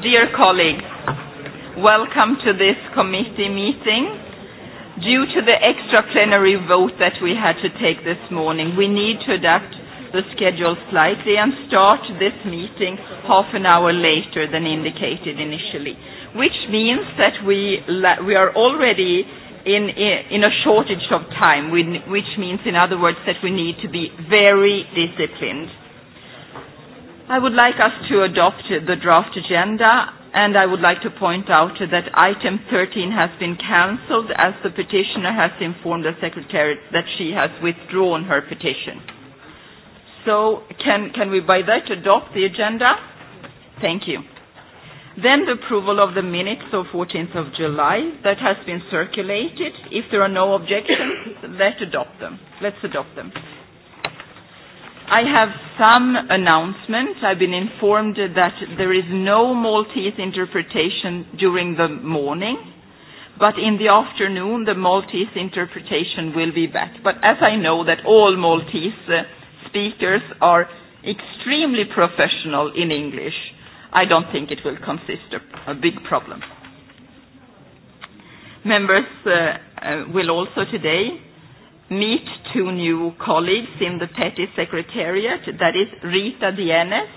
Dear colleagues, welcome to this committee meeting. Due to the extra plenary vote that we had to take this morning, we need to adapt the schedule slightly and start this meeting half an hour later than indicated initially, which means that we, we are already in, in a shortage of time, which means, in other words, that we need to be very disciplined I would like us to adopt the draft agenda and I would like to point out that item 13 has been cancelled as the petitioner has informed the secretariat that she has withdrawn her petition. So can, can we by that adopt the agenda? Thank you. Then the approval of the minutes of 14th of July that has been circulated. If there are no objections, let's adopt them. Let's adopt them. I have some announcements. I've been informed that there is no Maltese interpretation during the morning, but in the afternoon the Maltese interpretation will be back. But as I know that all Maltese uh, speakers are extremely professional in English, I don't think it will consist of a big problem. Members uh, uh, will also today meet two new colleagues in the Petty Secretariat. That is Rita Dienes.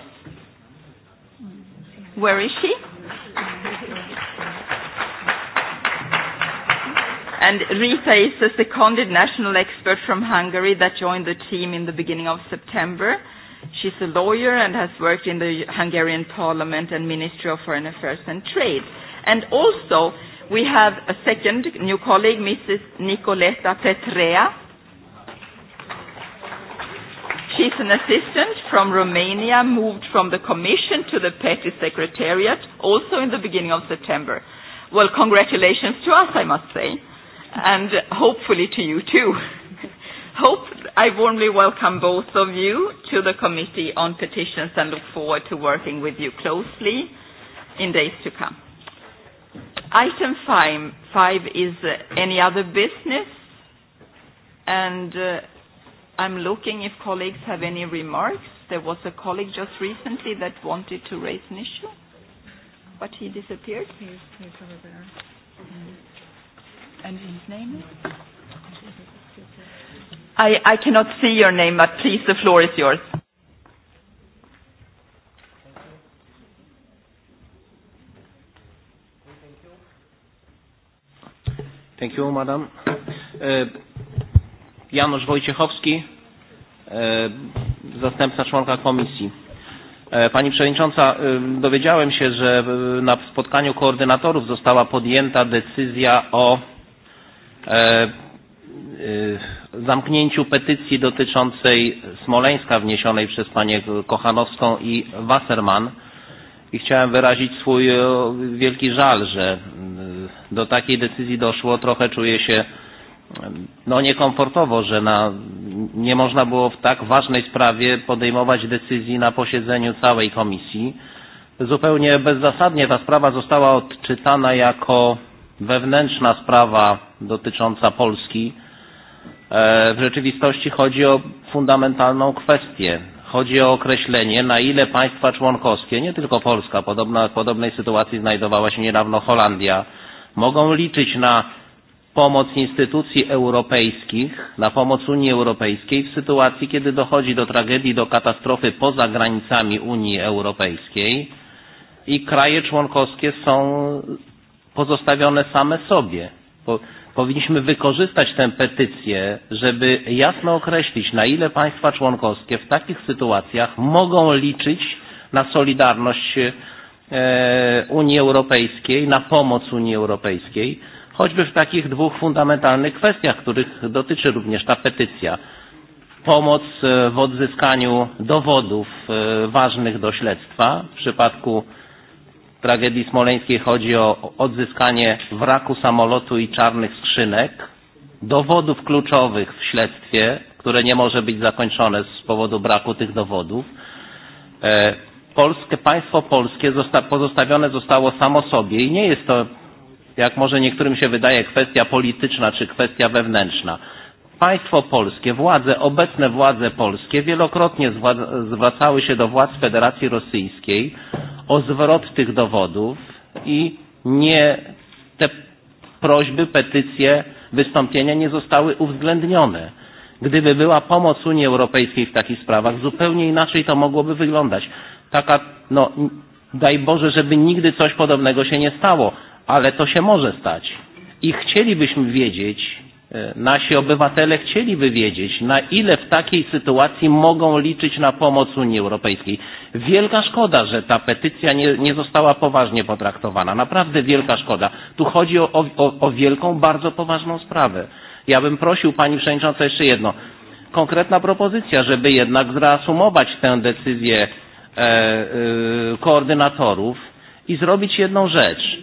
Where is she? And Rita is a seconded national expert from Hungary that joined the team in the beginning of September. She's a lawyer and has worked in the Hungarian Parliament and Ministry of Foreign Affairs and Trade. And also, we have a second new colleague, Mrs. Nicoleta Petrea, She's an assistant from Romania, moved from the Commission to the Petty Secretariat, also in the beginning of September. Well, congratulations to us, I must say, and hopefully to you too. Hope I warmly welcome both of you to the Committee on Petitions and look forward to working with you closely in days to come. Item five, five is uh, any other business, and uh, I'm looking if colleagues have any remarks. There was a colleague just recently that wanted to raise an issue, but he disappeared. He's, he's over there. Mm. And his name is? I, I cannot see your name, but please, the floor is yours. Thank you, Madam. Uh, Janusz Wojciechowski, e, zastępca członka komisji. E, pani Przewodnicząca, e, dowiedziałem się, że na spotkaniu koordynatorów została podjęta decyzja o zamknięciu petycji dotyczącej Smoleńska wniesionej przez panię Kochanowską i Wasserman i chciałem wyrazić swój wielki żal, że mm, do takiej decyzji doszło. Trochę czuję się no niekomfortowo, że na, nie można było w tak ważnej sprawie podejmować decyzji na posiedzeniu całej komisji. Zupełnie bezzasadnie ta sprawa została odczytana jako wewnętrzna sprawa dotycząca Polski. E, w rzeczywistości chodzi o fundamentalną kwestię. Chodzi o określenie, na ile państwa członkowskie, nie tylko Polska, podobna, w podobnej sytuacji znajdowała się niedawno Holandia, mogą liczyć na pomoc instytucji europejskich, na pomoc Unii Europejskiej w sytuacji, kiedy dochodzi do tragedii, do katastrofy poza granicami Unii Europejskiej i kraje członkowskie są pozostawione same sobie. powinniśmy wykorzystać tę petycję, żeby jasno określić, na ile państwa członkowskie w takich sytuacjach mogą liczyć na solidarność e, Unii Europejskiej, na pomoc Unii Europejskiej choćby w takich dwóch fundamentalnych kwestiach, których dotyczy również ta petycja. Pomoc e, w odzyskaniu dowodów e, ważnych do śledztwa. W przypadku tragedii smoleńskiej chodzi o odzyskanie wraku samolotu i czarnych skrzynek, dowodów kluczowych w śledztwie, które nie może być zakończone z powodu braku tych dowodów. E, polskie, państwo polskie pozostawione zostało samo sobie i nie jest to jak może niektórym się wydaje, kwestia polityczna czy kwestia wewnętrzna. Państwo polskie, władze, obecne władze polskie wielokrotnie zwracały się do władz Federacji Rosyjskiej o zwrot tych dowodów i nie te prośby, petycje, wystąpienia nie zostały uwzględnione. Gdyby była pomoc Unii Europejskiej w takich sprawach, zupełnie inaczej to mogłoby wyglądać. Taka, no, daj Boże, żeby nigdy coś podobnego się nie stało, ale to się może stać. I chcielibyśmy wiedzieć, e, nasi obywatele chcieliby wiedzieć, na ile w takiej sytuacji mogą liczyć na pomoc Unii Europejskiej. Wielka szkoda, że ta petycja nie, nie została poważnie potraktowana. Naprawdę wielka szkoda. Tu chodzi o, o, o wielką, bardzo poważną sprawę. Ja bym prosił Pani Przewodnicząca jeszcze jedno. Konkretna propozycja, żeby jednak zreasumować tę decyzję e, e, koordynatorów i zrobić jedną rzecz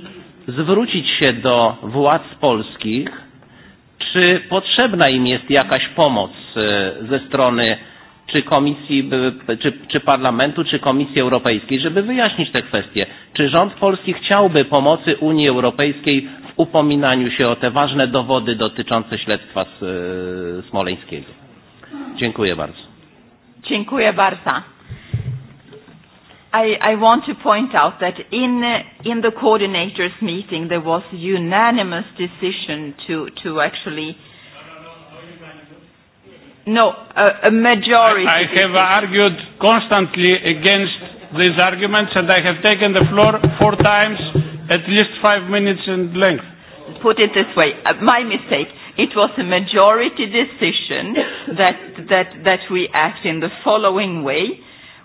zwrócić się do władz polskich, czy potrzebna im jest jakaś pomoc e, ze strony czy Komisji, czy, czy Parlamentu, czy Komisji Europejskiej, żeby wyjaśnić te kwestie. Czy rząd polski chciałby pomocy Unii Europejskiej w upominaniu się o te ważne dowody dotyczące śledztwa e, smoleńskiego? Dziękuję bardzo. Dziękuję bardzo. I, I want to point out that in, in the coordinators meeting there was a unanimous decision to, to actually No, a, a majority. I, I have argued constantly against these arguments and I have taken the floor four times, at least five minutes in length. Put it this way, uh, my mistake. It was a majority decision that, that, that we act in the following way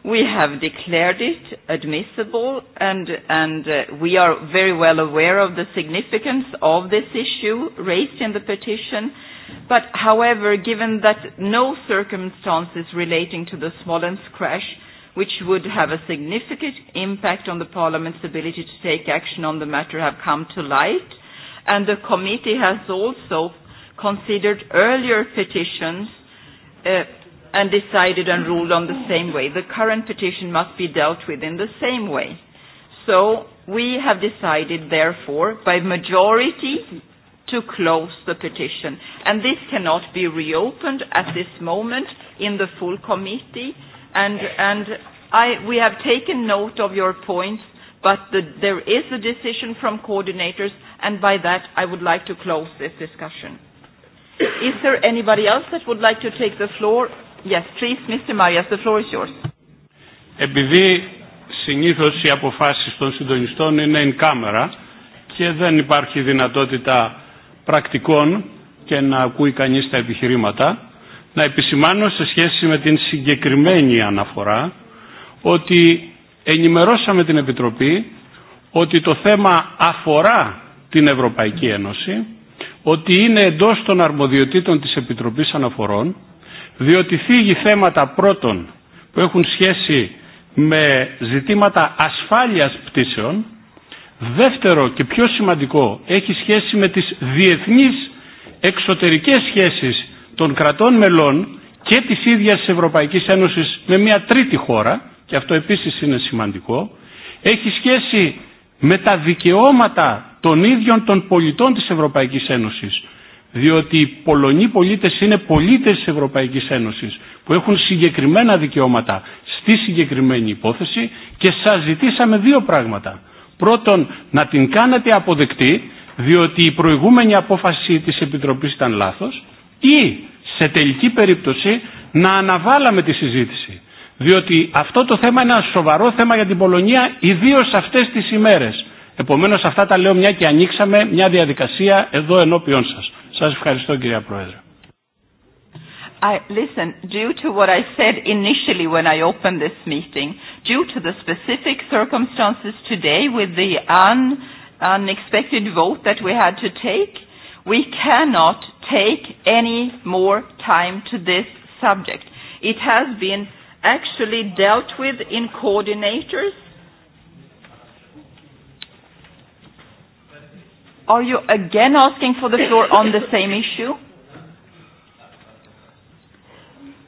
We have declared it admissible, and, and uh, we are very well aware of the significance of this issue raised in the petition. But however, given that no circumstances relating to the Smolensk crash, which would have a significant impact on the Parliament's ability to take action on the matter, have come to light, and the committee has also considered earlier petitions uh, and decided and ruled on the same way. The current petition must be dealt with in the same way. So we have decided, therefore, by majority to close the petition. And this cannot be reopened at this moment in the full committee. And, and I, we have taken note of your points, but the, there is a decision from coordinators, and by that I would like to close this discussion. Is there anybody else that would like to take the floor Yes, please, Mr. Marias, the floor is yours. Επειδή συνήθως οι αποφάσεις των συντονιστών είναι in camera και δεν υπάρχει δυνατότητα πρακτικών και να ακούει κανείς τα επιχειρήματα, να επισημάνω σε σχέση με την συγκεκριμένη αναφορά ότι ενημερώσαμε την Επιτροπή ότι το θέμα αφορά την Ευρωπαϊκή Ένωση, ότι είναι εντός των αρμοδιοτήτων της Επιτροπής Αναφορών διότι θίγει θέματα πρώτων που έχουν σχέση με ζητήματα ασφάλειας πτήσεων, δεύτερο και πιο σημαντικό έχει σχέση με τις διεθνείς εξωτερικές σχέσεις των κρατών μελών και της ίδιας της Ευρωπαϊκής Ένωσης με μια τρίτη χώρα, και αυτό επίσης είναι σημαντικό, έχει σχέση με τα δικαιώματα των ίδιων των πολιτών της Ευρωπαϊκής Ένωσης, διότι οι Πολωνοί πολίτες είναι πολίτες της Ευρωπαϊκής Ένωσης που έχουν συγκεκριμένα δικαιώματα στη συγκεκριμένη υπόθεση και σας ζητήσαμε δύο πράγματα. Πρώτον, να την κάνετε αποδεκτή διότι η προηγούμενη απόφαση της Επιτροπής ήταν λάθος ή σε τελική περίπτωση να αναβάλαμε τη συζήτηση. Διότι αυτό το θέμα είναι ένα σοβαρό θέμα για την Πολωνία, ιδίω αυτέ τι ημέρε. Επομένω, αυτά τα λέω μια και ανοίξαμε μια διαδικασία εδώ ενώπιον σα. Σας ευχαριστώ κυρία Πρόεδρε. I, listen, due to what I said initially when I opened this meeting, due to the specific circumstances today with the un, unexpected vote that we had to take, we cannot take any more time to this subject. It has been actually dealt with in coordinators Are you again asking for the floor on the same issue?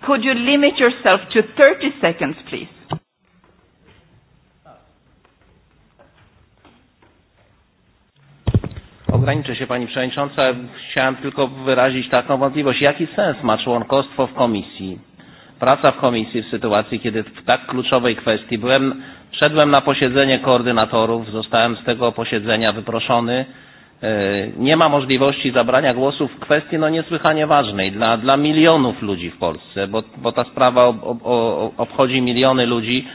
Could you limit yourself to 30 seconds, please? Ograniczę się Pani Przewodnicząca. Chciałem tylko wyrazić taką wątpliwość. Jaki sens ma członkostwo w komisji? Praca w komisji w sytuacji, kiedy w tak kluczowej kwestii byłem, wszedłem na posiedzenie koordynatorów, zostałem z tego posiedzenia wyproszony E, nie ma możliwości zabrania głosu w kwestii no, niesłychanie ważnej dla, dla milionów ludzi w Polsce, bo, bo ta sprawa ob, ob, obchodzi miliony ludzi.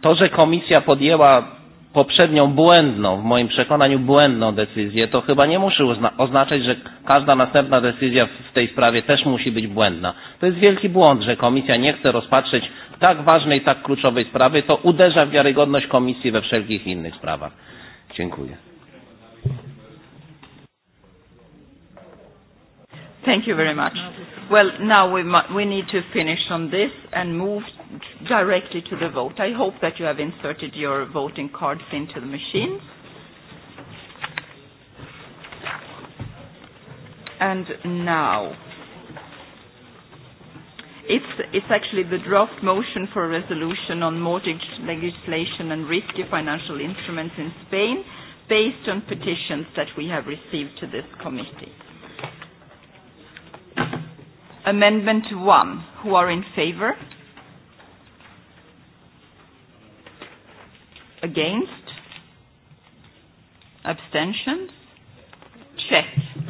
To, że komisja podjęła poprzednią błędną, w moim przekonaniu błędną decyzję, to chyba nie musi oznaczać, że każda następna decyzja w tej sprawie też musi być błędna. To jest wielki błąd, że komisja nie chce rozpatrzeć tak ważnej, tak kluczowej sprawy, to uderza w wiarygodność komisji we wszelkich innych sprawach. Dziękuję. Thank you very much. Well, now we, mu we need to finish on this and move directly to the vote. I hope that you have inserted your voting cards into the machines. And now, it's, it's actually the draft motion for a resolution on mortgage legislation and risky financial instruments in Spain based on petitions that we have received to this committee. Amendment 1. Who are in favor? Against? Abstentions? Check.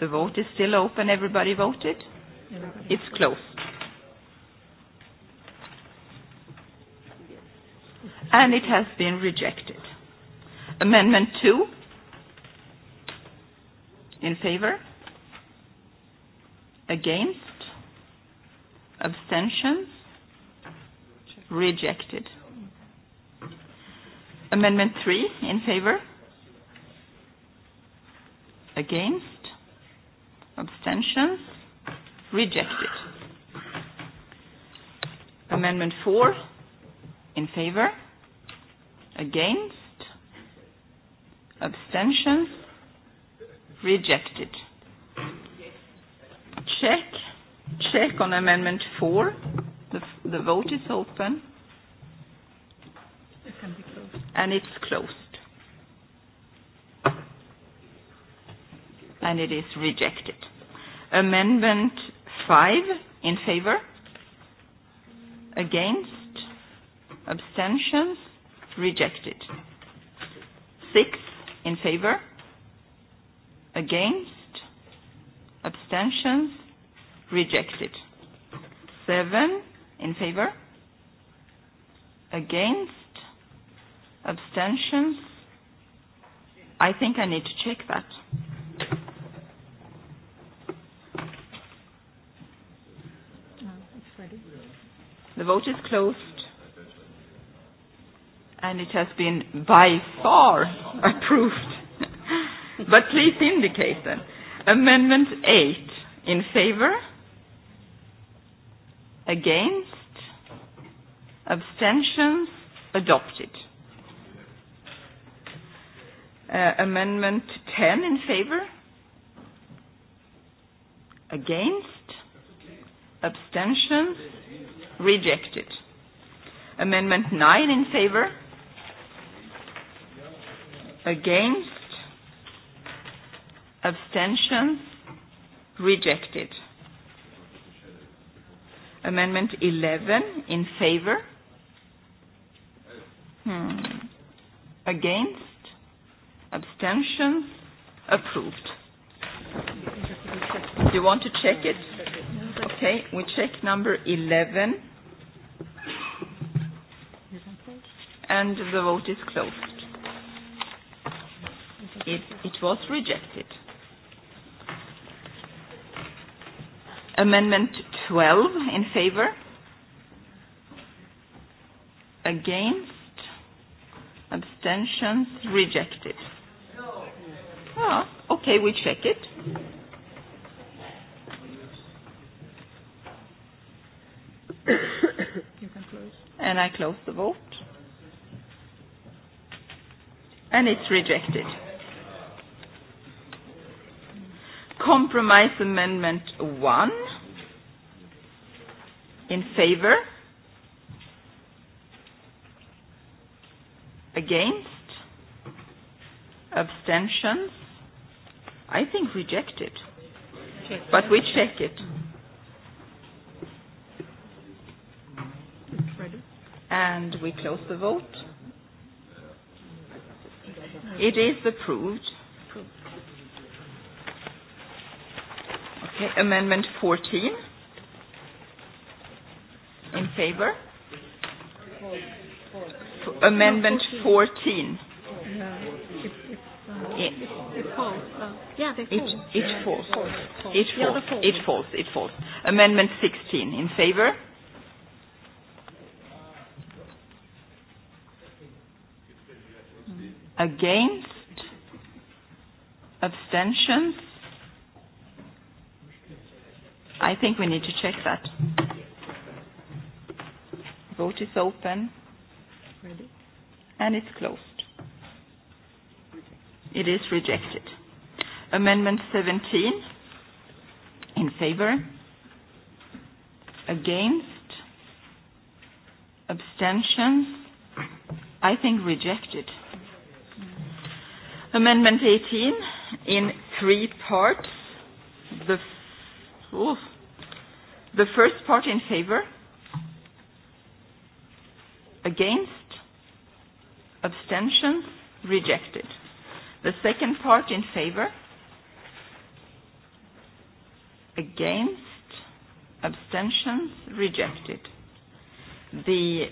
The vote is still open. Everybody voted? Everybody. It's closed. and it has been rejected. Amendment 2 in favor, against, abstentions, rejected. Amendment 3 in favor, against, abstentions, rejected. Amendment 4 in favor, Against? Abstentions? Rejected. Check. Check on Amendment four. The, the vote is open. It can be closed. And it's closed. And it is rejected. Amendment five? in favor? Against? Abstentions? rejected. Six in favor, against, abstentions, rejected. Seven in favor, against, abstentions. I think I need to check that. The vote is closed and it has been by far approved. but please indicate then. Amendment 8 in favor, against, abstentions, adopted. Uh, amendment 10 in favor, against, abstentions, rejected. Amendment 9 in favor, against, abstentions, rejected. Amendment 11 in favor, hmm. against, abstentions, approved. Do you want to check it? Okay, we check number 11. And the vote is closed. It, it was rejected. Amendment 12 in favor. Against. Abstentions rejected. Ah, okay, we check it. you can close. And I close the vote. And it's rejected. Compromise Amendment 1 in favor, against, abstentions, I think rejected. Check. But we check it. And we close the vote. It is approved. Amendment 14. In favor? amendment 14. Yeah, they fall. It falls. It falls. It falls. It falls. Amendment 16. In favor? Against? Abstentions? I think we need to check that. Vote is open. Ready? And it's closed. It is rejected. Amendment 17 in favor, against, abstentions, I think rejected. Amendment 18 in three parts. The, oof, The first part in favor? Against? Abstentions? Rejected. The second part in favor? Against? Abstentions? Rejected. The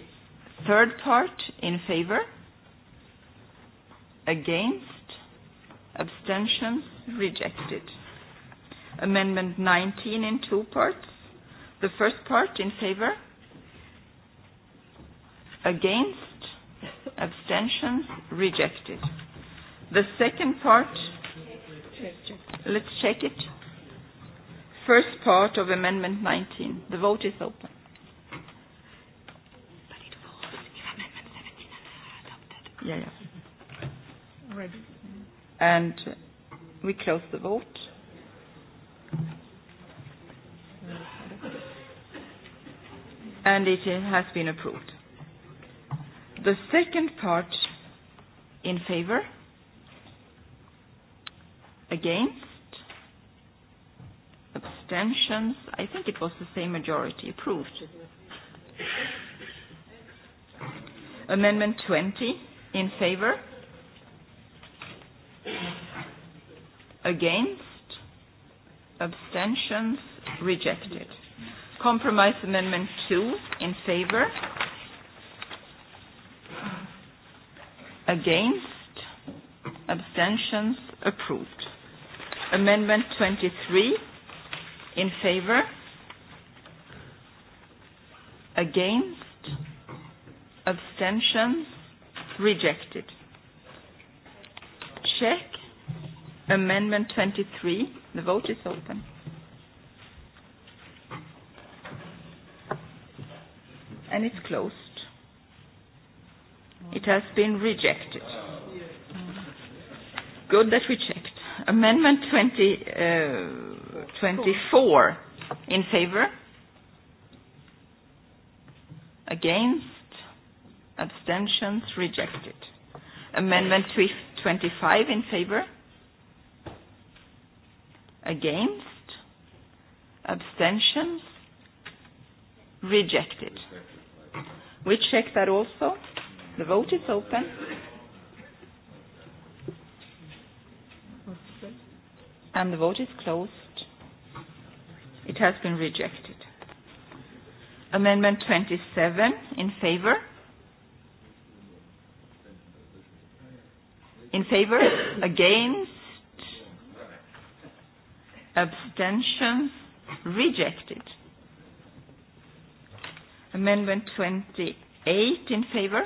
third part in favor? Against? Abstentions? Rejected. Amendment 19 in two parts. The first part in favor? Against? Abstentions? Rejected. The second part? Let's check it. First part of Amendment 19. The vote is open. Yeah, yeah. And we close the vote. and it has been approved. The second part in favor, against, abstentions, I think it was the same majority approved. Amendment 20 in favor, against, abstentions, rejected. Compromise Amendment 2 in favor. Against. Abstentions approved. Amendment 23 in favor. Against. Abstentions rejected. Check. Amendment 23. The vote is open. and it's closed. It has been rejected. Good that we checked. Amendment 20, uh, 24 in favor. Against. Abstentions rejected. Amendment 25 in favor. Against. Abstentions rejected. We check that also. The vote is open. And the vote is closed. It has been rejected. Amendment 27 in favor. In favor? Against? Abstentions? Rejected. Amendment 28 in favor?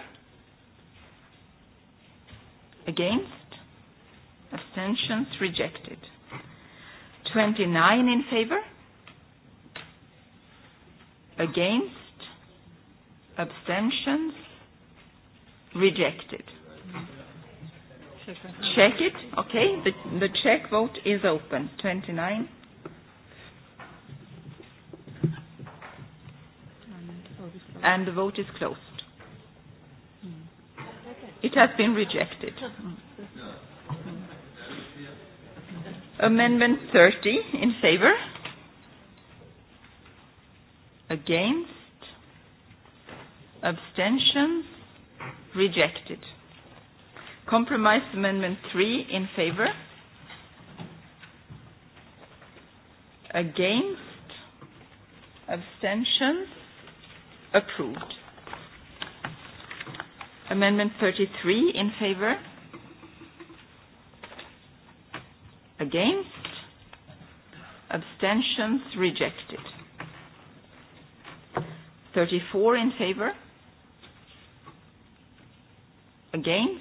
Against? Abstentions rejected. 29 in favor? Against? Abstentions rejected. Check it. Okay, the, the check vote is open. 29. and the vote is closed. It has been rejected. Amendment 30 in favor. Against. Abstentions. Rejected. Compromise Amendment 3 in favor. Against. Abstentions approved. Amendment 33 in favor? Against? Abstentions rejected. 34 in favor? Against?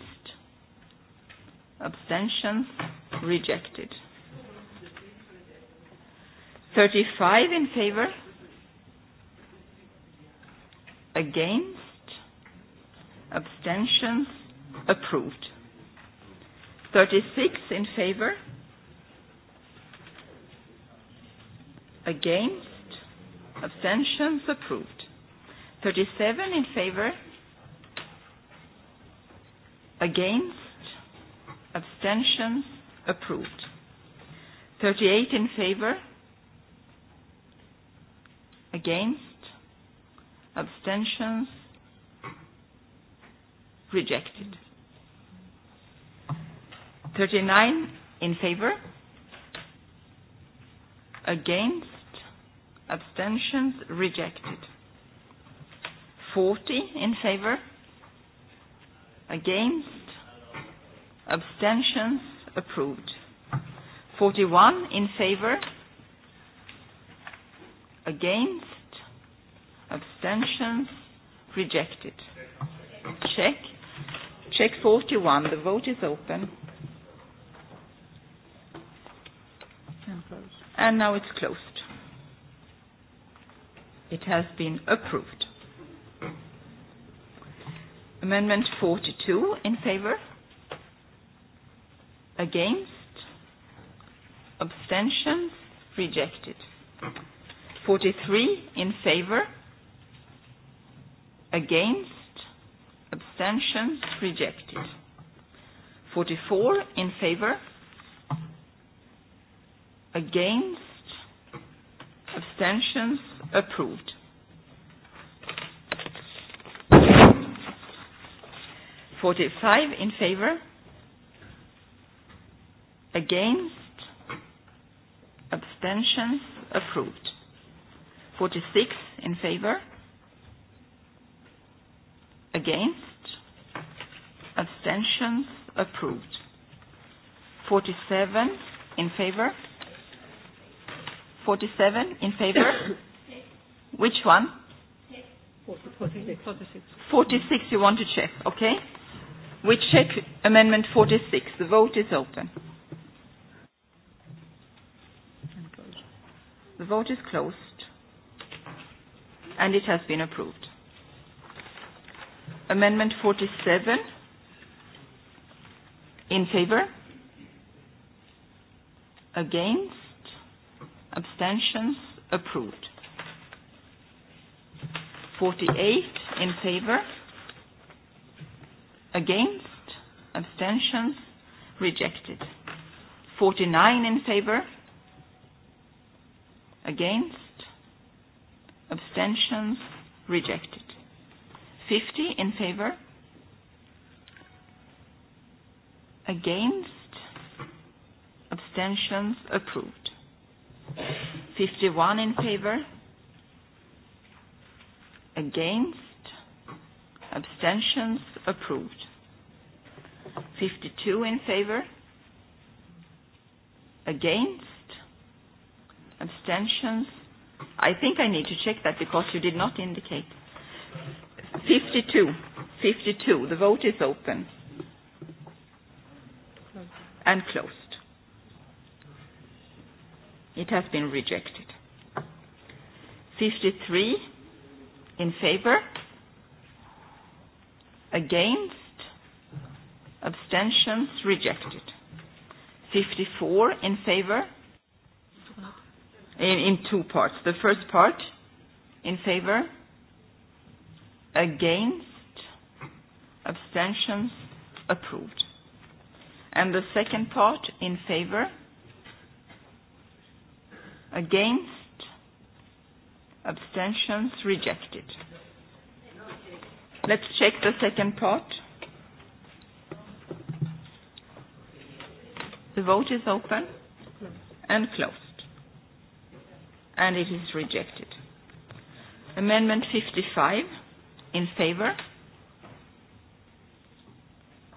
Abstentions rejected. 35 in favor? Against? Abstentions? Approved. 36 in favor? Against? Abstentions? Approved. 37 in favor? Against? Abstentions? Approved. 38 in favor? Against? abstentions, rejected. 39 in favor, against, abstentions, rejected. 40 in favor, against, abstentions, approved. 41 in favor, against, abstentions, rejected. Check. Check 41. The vote is open. And now it's closed. It has been approved. Amendment 42 in favor? Against? Abstentions? Rejected. 43 in favor? against, abstentions, rejected. 44 in favor, against, abstentions, approved. Forty-five in favor, against, abstentions, approved. Forty-six in favor, Against? Abstentions? Approved. 47 in favor? 47 in favor? Which one? 46. 46 you want to check, okay? We check Amendment 46. The vote is open. The vote is closed. And it has been approved. Amendment 47 in favor against abstentions approved 48 in favor against abstentions rejected 49 in favor against abstentions rejected 50 in favor. Against. Abstentions approved. 51 in favor. Against. Abstentions approved. 52 in favor. Against. Abstentions. I think I need to check that because you did not indicate. 52. 52. The vote is open. And closed. It has been rejected. 53 in favor, against, abstentions rejected. 54 in favor, in, in two parts. The first part in favor, against, abstentions, approved. And the second part, in favor, against, abstentions, rejected. Let's check the second part. The vote is open and closed. And it is rejected. Amendment 55 in favor?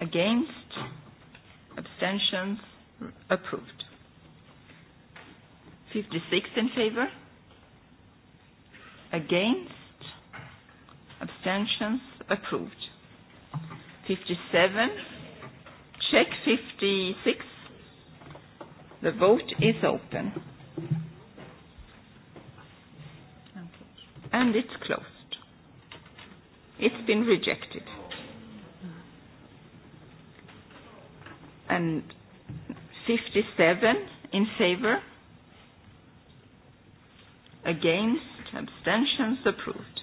Against? Abstentions? Approved. 56 in favor? Against? Abstentions? Approved. 57. Check 56. The vote is open. And it's closed been rejected. And 57 in favor, against, abstentions approved.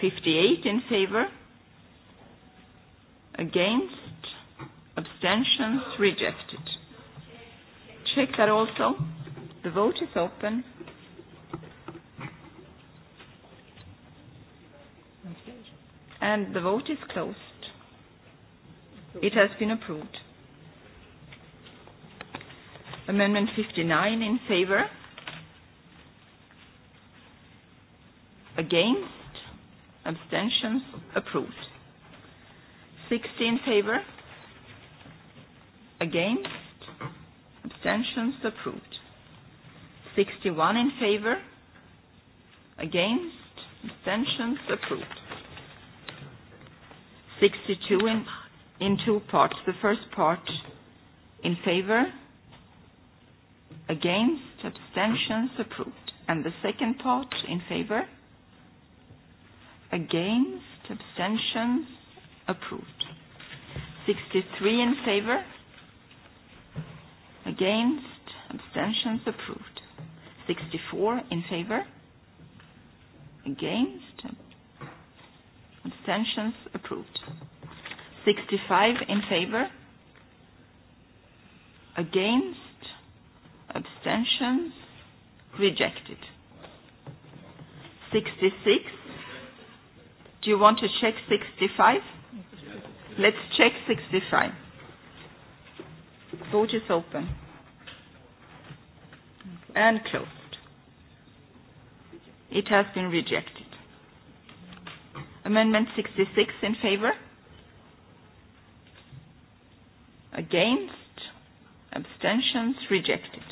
58 in favor, against, abstentions rejected. Check that also. The vote is open. and the vote is closed. It has been approved. Amendment 59 in favor. Against. Abstentions approved. 60 in favor. Against. Abstentions approved. 61 in favor. Against. Abstentions approved. 62 in, in two parts. The first part in favor, against, abstentions approved. And the second part in favor, against, abstentions approved. 63 in favor, against, abstentions approved. 64 in favor, against, Abstentions approved. 65 in favor. Against. Abstentions rejected. 66. Do you want to check 65? Let's check 65. Vote is open. And closed. It has been rejected. Amendment 66 in favor? Against? Abstentions? Rejected.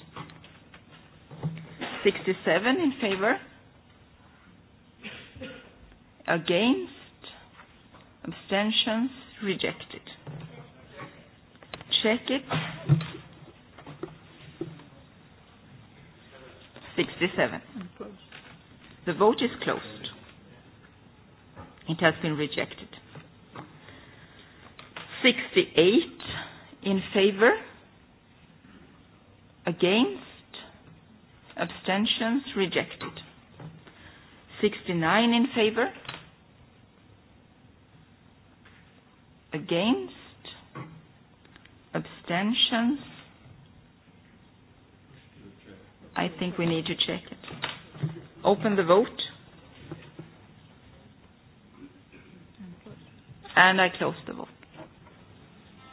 67 in favor? Against? Abstentions? Rejected. Check it. 67. The vote is closed. It has been rejected. 68 in favor, against, abstentions rejected. 69 in favor, against, abstentions. I think we need to check it. Open the vote. and I close the vote.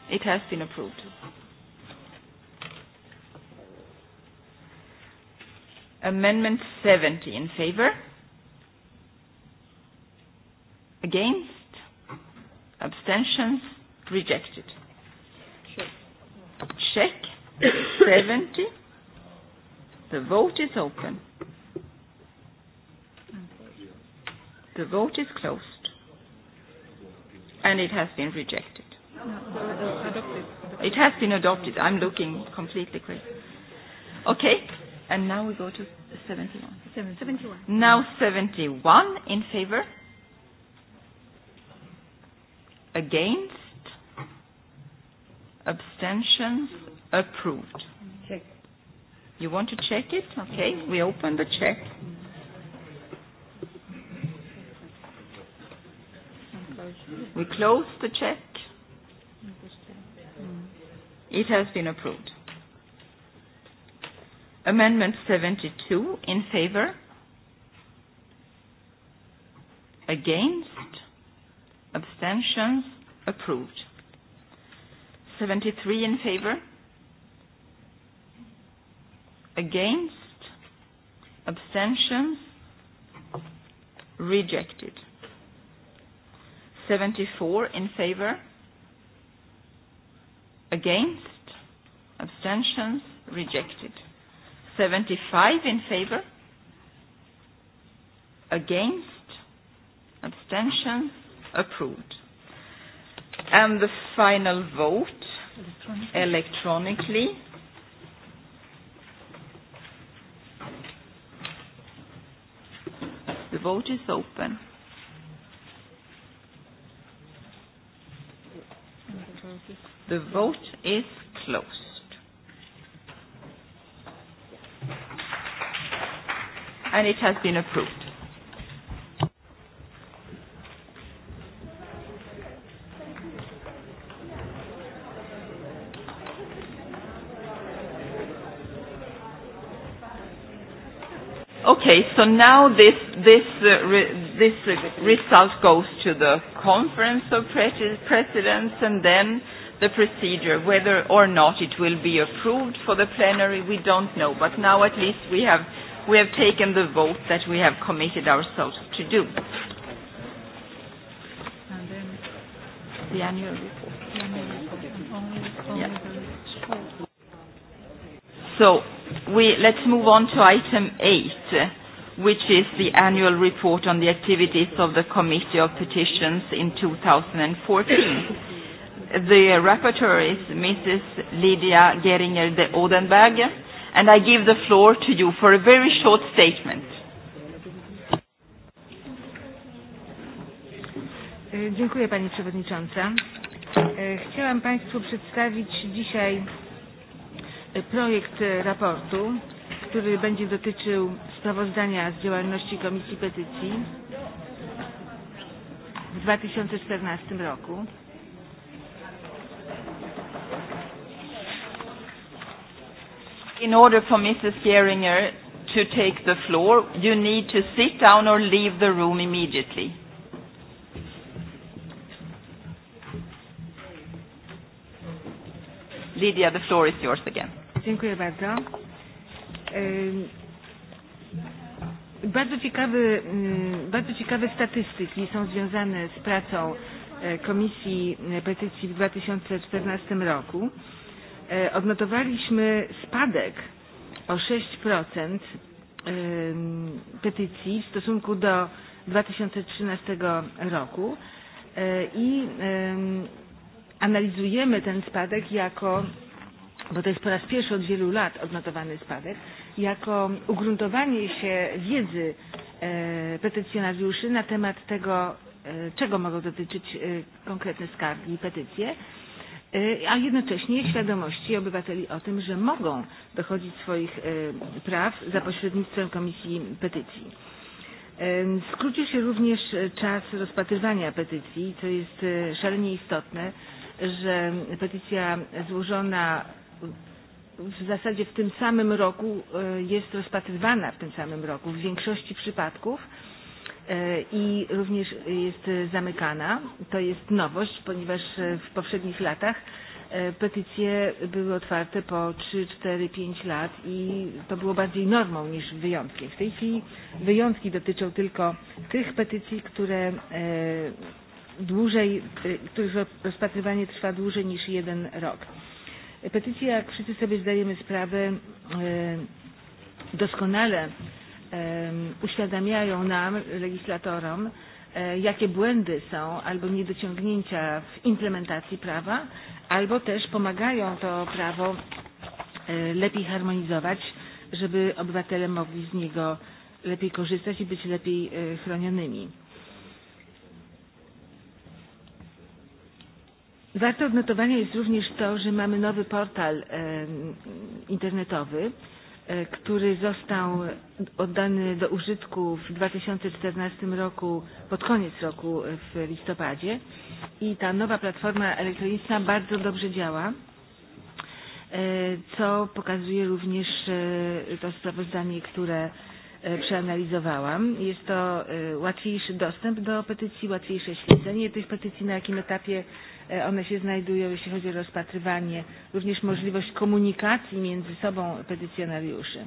It has been approved. Amendment 70 in favor. Against? Abstentions? Rejected. Check. Check. 70. The vote is open. The vote is closed and it has been rejected. It has been adopted. I'm looking completely crazy. Okay, and now we go to 71. 71. Now 71 in favor. Against. Abstentions. Approved. Check. You want to check it? Okay, we open the check. We close the check. It has been approved. Amendment 72 in favor. Against. Abstentions. Approved. 73 in favor. Against. Abstentions. Rejected. 74 in favor, against, abstentions, rejected. 75 in favor, against, abstentions, approved. And the final vote electronically. electronically. The vote is open. The vote is closed. And it has been approved. Okay, so now this, this, uh, re, this uh, result goes to the conference of pre presidents and then the procedure, whether or not it will be approved for the plenary, we don't know. But now at least we have, we have taken the vote that we have committed ourselves to do. And then the annual report. Yeah. So we, let's move on to item eight, which is the annual report on the activities of the Committee of Petitions in 2014. the rapporteur is Mrs. Lydia Geringer de Odenberg, and I give the floor to you for a very short statement. E, dziękuję Pani Przewodnicząca. E, chciałam Państwu przedstawić dzisiaj E, projekt e, raportu, który będzie dotyczył sprawozdania z działalności Komisji Petycji w 2014 roku. In order for Mrs. Geringer to take the floor, you need to sit down or leave the room immediately. Lydia, the floor is yours again. Dziękuję bardzo. Bardzo ciekawe, mm, bardzo ciekawe statystyki są związane z pracą e, Komisji Petycji w 2014 roku. E, odnotowaliśmy spadek o 6% petycji w stosunku do 2013 roku e, i analizujemy ten spadek jako, bo to jest po raz pierwszy od wielu lat odnotowany spadek, jako ugruntowanie się wiedzy e, petycjonariuszy na temat tego, e, czego mogą dotyczyć e, konkretne skargi i petycje, e, a jednocześnie świadomości obywateli o tym, że mogą dochodzić swoich e, praw za pośrednictwem Komisji Petycji. E, Skrócił się również czas rozpatrywania petycji, co jest e, szalenie istotne że petycja złożona w zasadzie w tym samym roku e, jest rozpatrywana w tym samym roku w większości przypadków e, i również jest zamykana. To jest nowość, ponieważ e, w poprzednich latach petycje były otwarte po 3, 4, 5 lat i to było bardziej normą niż wyjątkiem. W tej chwili wyjątki dotyczą tylko tych petycji, które dłużej, których rozpatrywanie trwa dłużej niż jeden rok. Petycja, jak wszyscy sobie zdajemy sprawę, doskonale uświadamiają nam, legislatorom, jakie błędy są albo niedociągnięcia w implementacji prawa, albo też pomagają to prawo lepiej harmonizować, żeby obywatele mogli z niego lepiej korzystać i być lepiej chronionymi. Warto odnotowania jest również to, że mamy nowy portal internetowy, e, który został oddany do użytku w 2014 roku, pod koniec roku e, w listopadzie i ta nowa platforma elektroniczna bardzo dobrze działa, e, co pokazuje również to sprawozdanie, które przeanalizowałam. Jest to łatwiejszy dostęp do petycji, łatwiejsze śledzenie tych petycji, na jakim etapie E, one się znajdują, jeśli chodzi o rozpatrywanie, również możliwość komunikacji między sobą petycjonariuszy. E,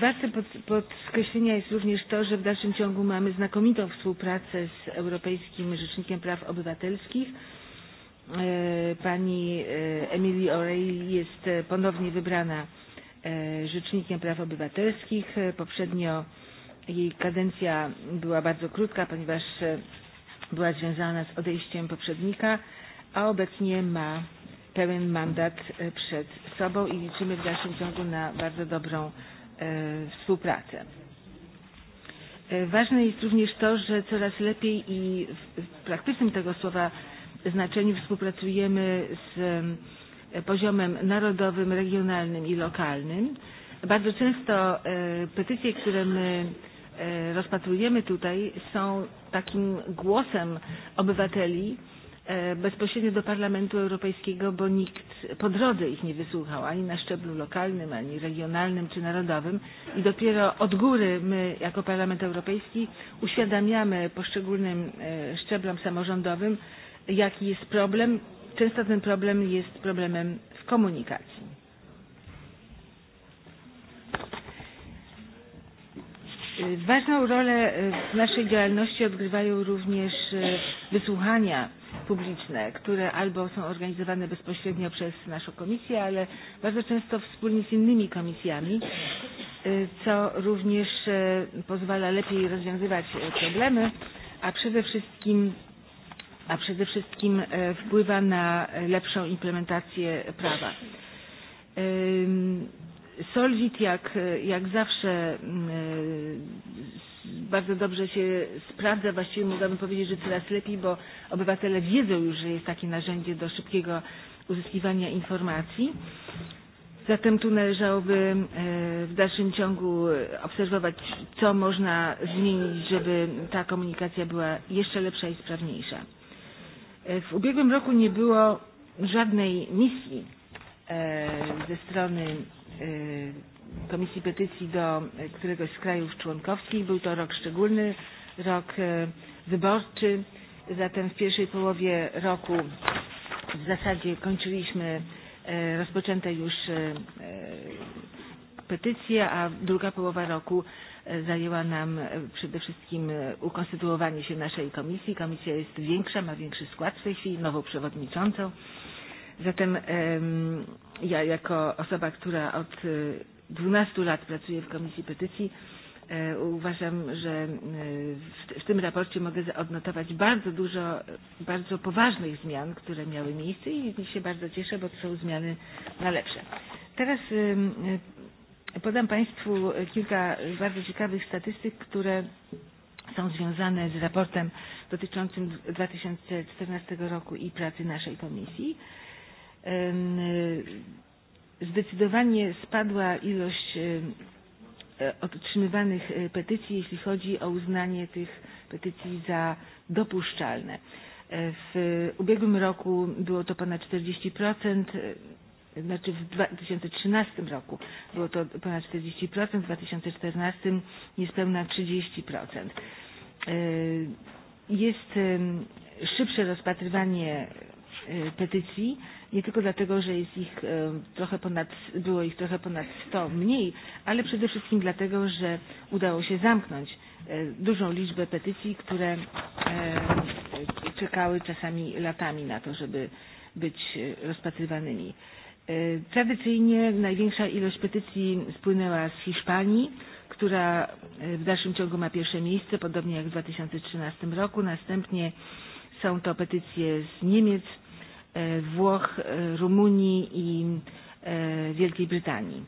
warte pod, podkreślenia jest również to, że w dalszym ciągu mamy znakomitą współpracę z Europejskim Rzecznikiem Praw Obywatelskich. E, pani Emily O'Reilly jest ponownie wybrana Rzecznikiem Praw Obywatelskich. Poprzednio jej kadencja była bardzo krótka, ponieważ była związana z odejściem poprzednika, a obecnie ma pełen mandat e, przed sobą i liczymy w dalszym ciągu na bardzo dobrą e, współpracę. E, ważne jest również to, że coraz lepiej i w praktycznym tego słowa znaczeniu współpracujemy z poziomem narodowym, regionalnym i lokalnym. Bardzo często petycje, które my E, rozpatrujemy tutaj, są takim głosem obywateli e, bezpośrednio do Parlamentu Europejskiego, bo nikt po drodze ich nie wysłuchał, ani na szczeblu lokalnym, ani regionalnym czy narodowym. I dopiero od góry my, jako Parlament Europejski, uświadamiamy poszczególnym e, szczeblom samorządowym, jaki jest problem. Często ten problem jest problemem w komunikacji. Ważną rolę w naszej działalności odgrywają również wysłuchania publiczne, które albo są organizowane bezpośrednio przez naszą komisję, ale bardzo często wspólnie z innymi komisjami, co również pozwala lepiej rozwiązywać problemy, a przede wszystkim a przede wszystkim wpływa na lepszą implementację prawa. Solwit jak, jak zawsze mm, e, bardzo dobrze się sprawdza, właściwie mogłabym powiedzieć, że coraz lepiej, bo obywatele wiedzą już, że jest takie narzędzie do szybkiego uzyskiwania informacji. Zatem tu należałoby e, w dalszym ciągu obserwować, co można zmienić, żeby ta komunikacja była jeszcze lepsza i sprawniejsza. E, w ubiegłym roku nie było żadnej misji ze strony E, komisji Petycji do któregoś z krajów członkowskich. Był to rok szczególny, rok e, wyborczy. Zatem w pierwszej połowie roku w zasadzie kończyliśmy e, rozpoczęte już petycje, a druga połowa roku zajęła nam przede wszystkim ukonstytuowanie się naszej komisji. Komisja jest większa, ma większy skład w tej chwili, nową przewodniczącą. Zatem ja jako osoba, która od 12 e, lat pracuje w Komisji Petycji, e, uważam, że e, w tym raporcie mogę odnotować bardzo dużo bardzo poważnych zmian, które miały miejsce i się bardzo cieszę, bo to są zmiany na lepsze. Teraz podam Państwu kilka bardzo ciekawych statystyk, które są związane z raportem dotyczącym 2014 roku i pracy naszej komisji. E, zdecydowanie spadła ilość e, otrzymywanych e, petycji, jeśli chodzi o uznanie tych petycji za dopuszczalne. W ubiegłym roku było to ponad 40%, znaczy w 2013 roku było to ponad 40%, w 2014 niespełna 30%. Jest szybsze rozpatrywanie E, petycji, nie tylko dlatego, że jest ich e, trochę ponad, było ich trochę ponad 100 mniej, ale przede wszystkim dlatego, że udało się zamknąć e, dużą liczbę petycji, które czekały czasami latami na to, żeby być rozpatrywanymi. Tradycyjnie największa ilość petycji spłynęła z Hiszpanii, która w dalszym ciągu ma pierwsze miejsce, podobnie jak w 2013 roku. Następnie są to petycje z Niemiec, E, Włoch, e, Rumunii i e, Wielkiej Brytanii.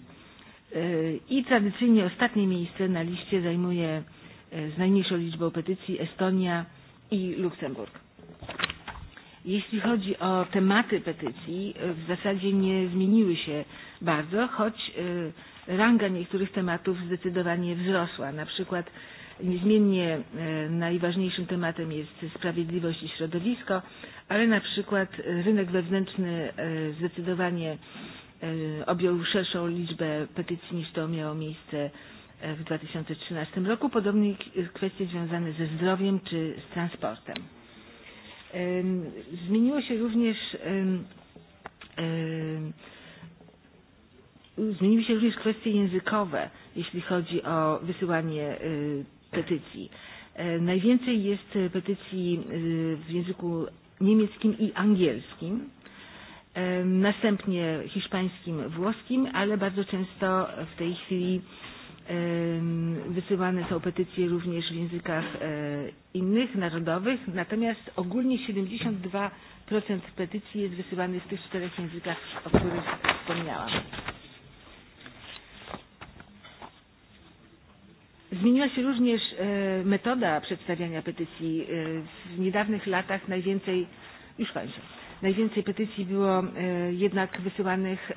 I tradycyjnie ostatnie miejsce na liście zajmuje z najmniejszą liczbą petycji Estonia i Luksemburg. Jeśli chodzi o tematy petycji, w zasadzie nie zmieniły się bardzo, choć ranga niektórych tematów zdecydowanie wzrosła. Na przykład Niezmiennie e, najważniejszym tematem jest sprawiedliwość i środowisko, ale na przykład rynek wewnętrzny e, zdecydowanie e, objął szerszą liczbę petycji niż to miało miejsce w 2013 roku, podobnie kwestie związane ze zdrowiem czy z transportem. Zmieniło się również zmieniły się również kwestie językowe, jeśli chodzi o wysyłanie petycji. E, najwięcej jest e, petycji e, w języku niemieckim i angielskim, następnie hiszpańskim, włoskim, ale bardzo często w tej chwili wysyłane są petycje również w językach innych, narodowych, natomiast ogólnie 72% petycji jest wysyłanych w tych czterech językach, o których wspomniałam. Zmieniła się również e, metoda przedstawiania petycji. E, w niedawnych latach najwięcej, już kończę, najwięcej petycji było e, jednak wysyłanych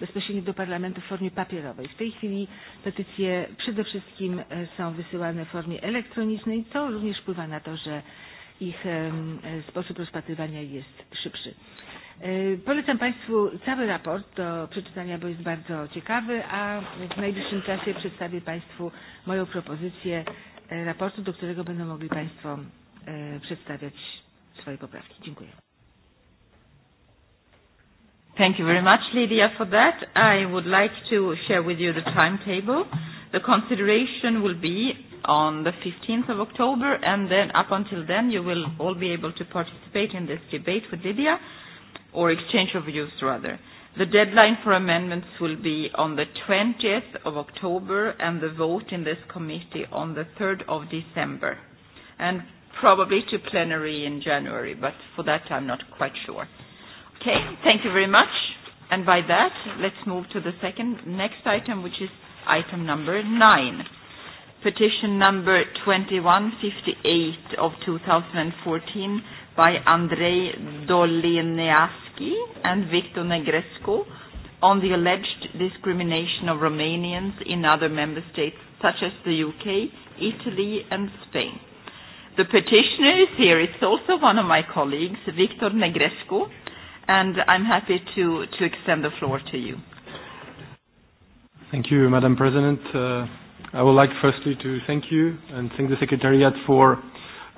bezpośrednio do parlamentu w formie papierowej. W tej chwili petycje przede wszystkim są wysyłane w formie elektronicznej, co również wpływa na to, że ich sposób rozpatrywania jest szybszy. E, polecam Państwu cały raport do przeczytania, bo jest bardzo ciekawy, a w najbliższym czasie przedstawię Państwu moją propozycję e, raportu, do którego będą mogli Państwo e, przedstawiać swoje poprawki. Dziękuję. Thank you very much, Lydia, for that. I would like to share with you the timetable. The consideration will be on the 15th of October, and then up until then, you will all be able to participate in this debate with Lydia or exchange of views rather. The deadline for amendments will be on the 20th of October and the vote in this committee on the 3rd of December and probably to plenary in January, but for that I'm not quite sure. Okay, thank you very much. And by that, let's move to the second next item, which is item number nine petition number 2158 of 2014 by Andrei Dolineaski and Victor Negrescu on the alleged discrimination of Romanians in other member states such as the UK, Italy and Spain. The petitioner is here. It's also one of my colleagues, Victor Negrescu, and I'm happy to, to extend the floor to you. Thank you, Madam President. Uh, I would like firstly to thank you and thank the Secretariat for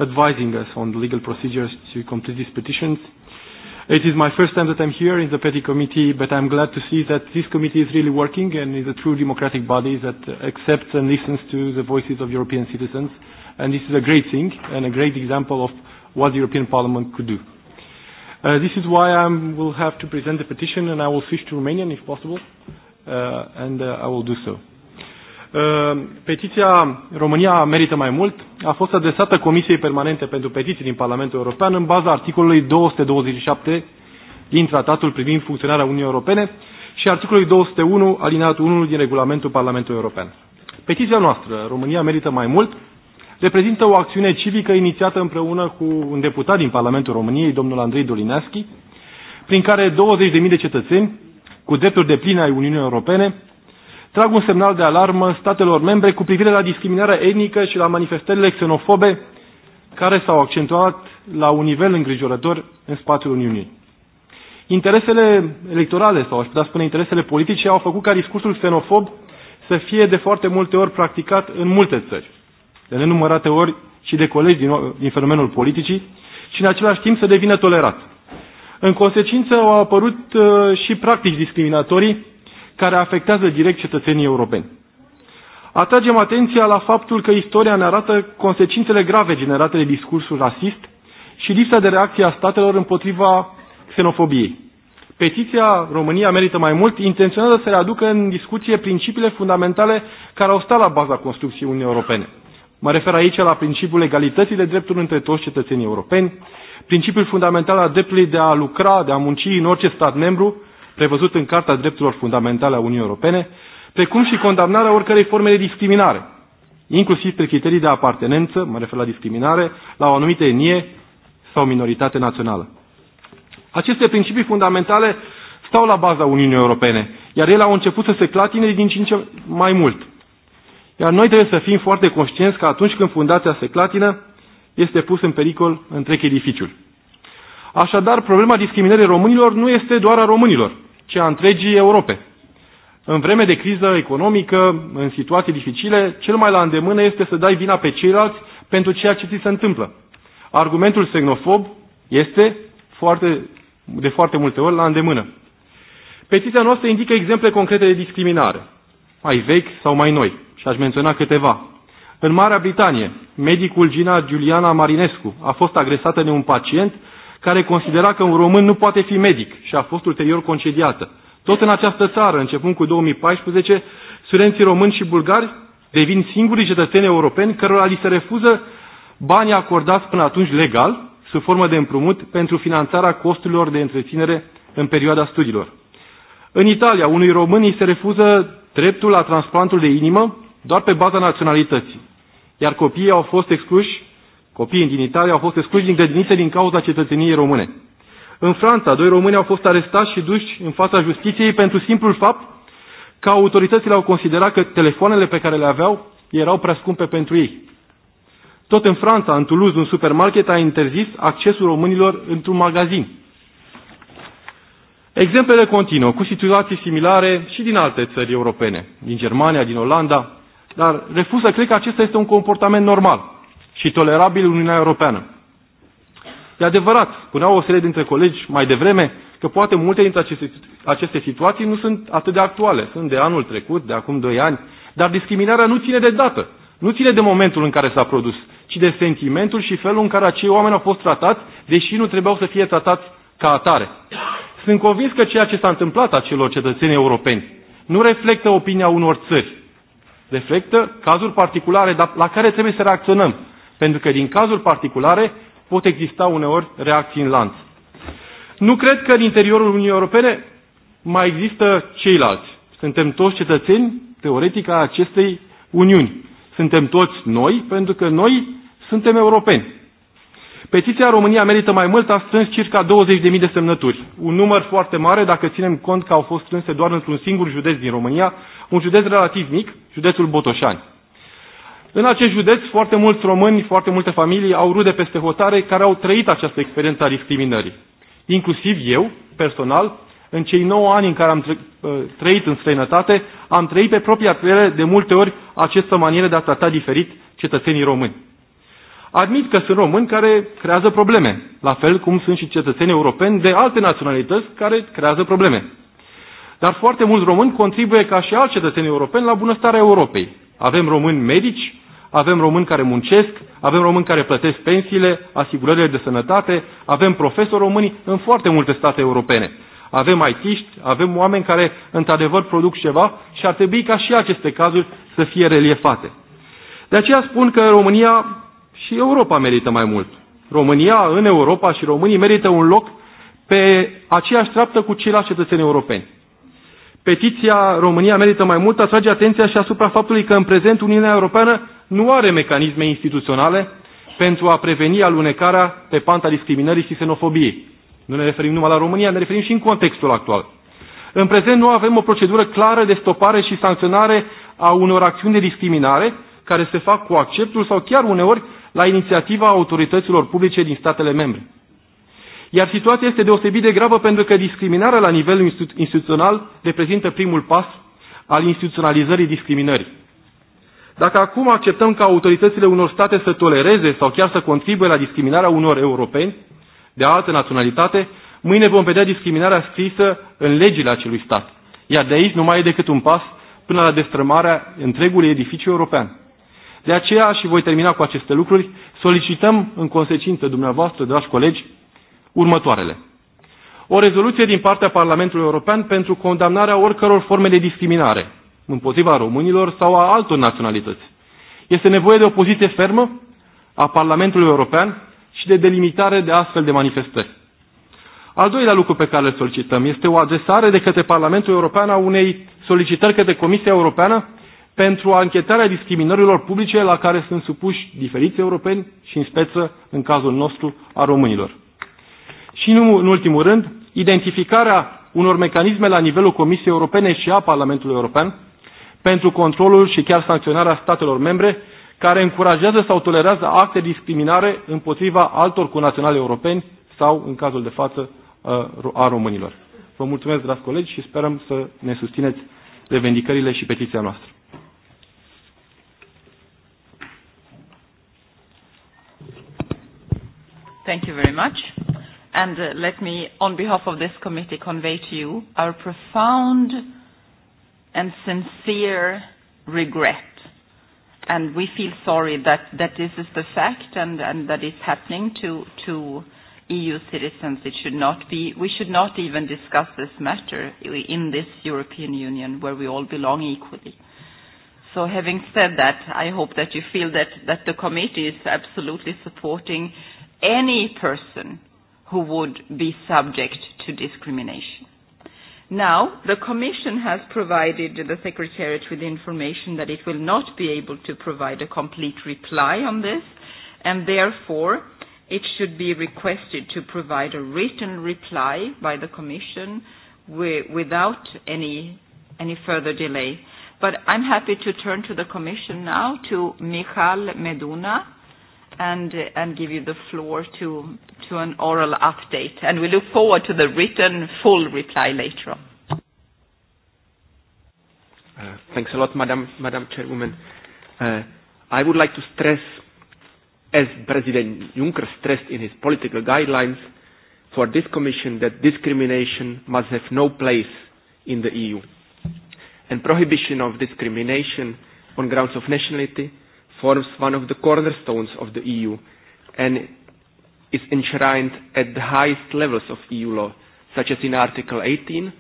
advising us on the legal procedures to complete these petitions. It is my first time that I'm here in the Petty Committee, but I'm glad to see that this committee is really working and is a true democratic body that accepts and listens to the voices of European citizens. And this is a great thing and a great example of what the European Parliament could do. Uh, this is why I will have to present the petition and I will switch to Romanian if possible, uh, and uh, I will do so. Ehm, petiția România merită mai mult a fost adresată Comisiei Permanente pentru Petiții din Parlamentul European în baza articolului 227 din Tratatul privind funcționarea Uniunii Europene și articolului 201 alineatul 1 din Regulamentul Parlamentului European. Petiția noastră, România merită mai mult, reprezintă o acțiune civică inițiată împreună cu un deputat din Parlamentul României, domnul Andrei Dolineschi, prin care 20.000 de cetățeni cu drepturi de pline ai Uniunii Europene trag un semnal de alarmă statelor membre cu privire la discriminarea etnică și la manifestările xenofobe care s-au accentuat la un nivel îngrijorător în spațiul Uniunii. Interesele electorale, sau aș putea spune interesele politice, au făcut ca discursul xenofob să fie de foarte multe ori practicat în multe țări, de nenumărate ori și de colegi din, din fenomenul politicii, și în același timp să devină tolerat. În consecință au apărut uh, și practici discriminatorii care afectează direct cetățenii europeni. Atragem atenția la faptul că istoria ne arată consecințele grave generate de discursul rasist și lipsa de reacție a statelor împotriva xenofobiei. Petiția România merită mai mult, intenționează să readucă în discuție principiile fundamentale care au stat la baza construcției Uniunii Europene. Mă refer aici la principiul egalității de drepturi între toți cetățenii europeni, principiul fundamental al dreptului de a lucra, de a munci în orice stat membru prevăzut în Carta Drepturilor Fundamentale a Uniunii Europene, precum și condamnarea oricărei forme de discriminare, inclusiv pe criterii de apartenență, mă refer la discriminare, la o anumită etnie sau minoritate națională. Aceste principii fundamentale stau la baza Uniunii Europene, iar ele au început să se clatine din ce în ce mai mult. Iar noi trebuie să fim foarte conștienți că atunci când fundația se clatină, este pus în pericol întreg edificiul. Așadar, problema discriminării românilor nu este doar a românilor, ci a întregii Europe. În vreme de criză economică, în situații dificile, cel mai la îndemână este să dai vina pe ceilalți pentru ceea ce ți se întâmplă. Argumentul xenofob este foarte, de foarte multe ori la îndemână. Petiția noastră indică exemple concrete de discriminare, mai vechi sau mai noi, și aș menționa câteva. În Marea Britanie, medicul Gina Giuliana Marinescu a fost agresată de un pacient care considera că un român nu poate fi medic și a fost ulterior concediată. Tot în această țară, începând cu 2014, studenții români și bulgari devin singurii cetățeni europeni cărora li se refuză banii acordați până atunci legal, sub formă de împrumut, pentru finanțarea costurilor de întreținere în perioada studiilor. În Italia, unui român îi se refuză dreptul la transplantul de inimă doar pe baza naționalității, iar copiii au fost excluși Copiii din Italia au fost excluși din grădinițe din cauza cetățeniei române. În Franța, doi români au fost arestați și duși în fața justiției pentru simplul fapt că autoritățile au considerat că telefoanele pe care le aveau erau prea scumpe pentru ei. Tot în Franța, în Toulouse, un supermarket a interzis accesul românilor într-un magazin. Exemplele continuă, cu situații similare și din alte țări europene, din Germania, din Olanda, dar refuz să cred că acesta este un comportament normal și tolerabil în Uniunea Europeană. E adevărat, spuneau o serie dintre colegi mai devreme că poate multe dintre aceste, aceste situații nu sunt atât de actuale, sunt de anul trecut, de acum doi ani, dar discriminarea nu ține de dată, nu ține de momentul în care s-a produs, ci de sentimentul și felul în care acei oameni au fost tratați, deși nu trebuiau să fie tratați ca atare. Sunt convins că ceea ce s-a întâmplat acelor cetățeni europeni nu reflectă opinia unor țări, reflectă cazuri particulare la care trebuie să reacționăm, Pentru că din cazuri particulare pot exista uneori reacții în lanț. Nu cred că în interiorul Uniunii Europene mai există ceilalți. Suntem toți cetățeni, teoretic, a acestei Uniuni. Suntem toți noi, pentru că noi suntem europeni. Petiția România merită mai mult, a strâns circa 20.000 de semnături. Un număr foarte mare dacă ținem cont că au fost strânse doar într-un singur județ din România, un județ relativ mic, județul Botoșani. În acest județ, foarte mulți români, foarte multe familii au rude peste hotare care au trăit această experiență a discriminării. Inclusiv eu, personal, în cei 9 ani în care am trăit în străinătate, am trăit pe propria piele de multe ori această manieră de a trata diferit cetățenii români. Admit că sunt români care creează probleme, la fel cum sunt și cetățeni europeni de alte naționalități care creează probleme. Dar foarte mulți români contribuie ca și alți cetățeni europeni la bunăstarea Europei. Avem români medici, avem români care muncesc, avem români care plătesc pensiile, asigurările de sănătate, avem profesori români în foarte multe state europene. Avem aitiști, avem oameni care într-adevăr produc ceva și ar trebui ca și aceste cazuri să fie reliefate. De aceea spun că România și Europa merită mai mult. România în Europa și românii merită un loc pe aceeași treaptă cu ceilalți cetățeni europeni. Petiția România merită mai mult atrage atenția și asupra faptului că în prezent Uniunea Europeană nu are mecanisme instituționale pentru a preveni alunecarea pe panta discriminării și xenofobiei. Nu ne referim numai la România, ne referim și în contextul actual. În prezent nu avem o procedură clară de stopare și sancționare a unor acțiuni de discriminare care se fac cu acceptul sau chiar uneori la inițiativa autorităților publice din statele membre. Iar situația este deosebit de gravă pentru că discriminarea la nivel instituțional reprezintă primul pas al instituționalizării discriminării. Dacă acum acceptăm ca autoritățile unor state să tolereze sau chiar să contribuie la discriminarea unor europeni de altă naționalitate, mâine vom vedea discriminarea scrisă în legile acelui stat. Iar de aici nu mai e decât un pas până la destrămarea întregului edificiu european. De aceea, și voi termina cu aceste lucruri, solicităm în consecință dumneavoastră, dragi colegi, următoarele. O rezoluție din partea Parlamentului European pentru condamnarea oricăror forme de discriminare împotriva românilor sau a altor naționalități. Este nevoie de o poziție fermă a Parlamentului European și de delimitare de astfel de manifestări. Al doilea lucru pe care îl solicităm este o adresare de către Parlamentul European a unei solicitări către Comisia Europeană pentru anchetarea discriminărilor publice la care sunt supuși diferiți europeni și în speță, în cazul nostru, a românilor. Și nu, în ultimul rând, identificarea unor mecanisme la nivelul Comisiei Europene și a Parlamentului European pentru controlul și chiar sancționarea statelor membre care încurajează sau tolerează acte discriminare împotriva altor conaționali europeni sau, în cazul de față, uh, a românilor. Vă mulțumesc, dragi colegi, și sperăm să ne susțineți revendicările și petiția noastră. Thank you very much and uh, let me, on behalf of this committee, convey to you our profound and sincere regret. And we feel sorry that, that this is the fact and, and that it's happening to, to EU citizens. It should not be, we should not even discuss this matter in this European Union where we all belong equally. So having said that, I hope that you feel that, that the committee is absolutely supporting any person who would be subject to discrimination. Now, the Commission has provided the Secretariat with information that it will not be able to provide a complete reply on this, and therefore it should be requested to provide a written reply by the Commission without any, any further delay. But I'm happy to turn to the Commission now, to Michal Meduna and, and give you the floor to, to an oral update. And we look forward to the written full reply later on. Uh, thanks a lot, Madam, Madam Chairwoman. Uh, I would like to stress, as President Juncker stressed in his political guidelines, for this Commission that discrimination must have no place in the EU. And prohibition of discrimination on grounds of nationality forms one of the cornerstones of the EU and is enshrined at the highest levels of EU law, such as in Article 18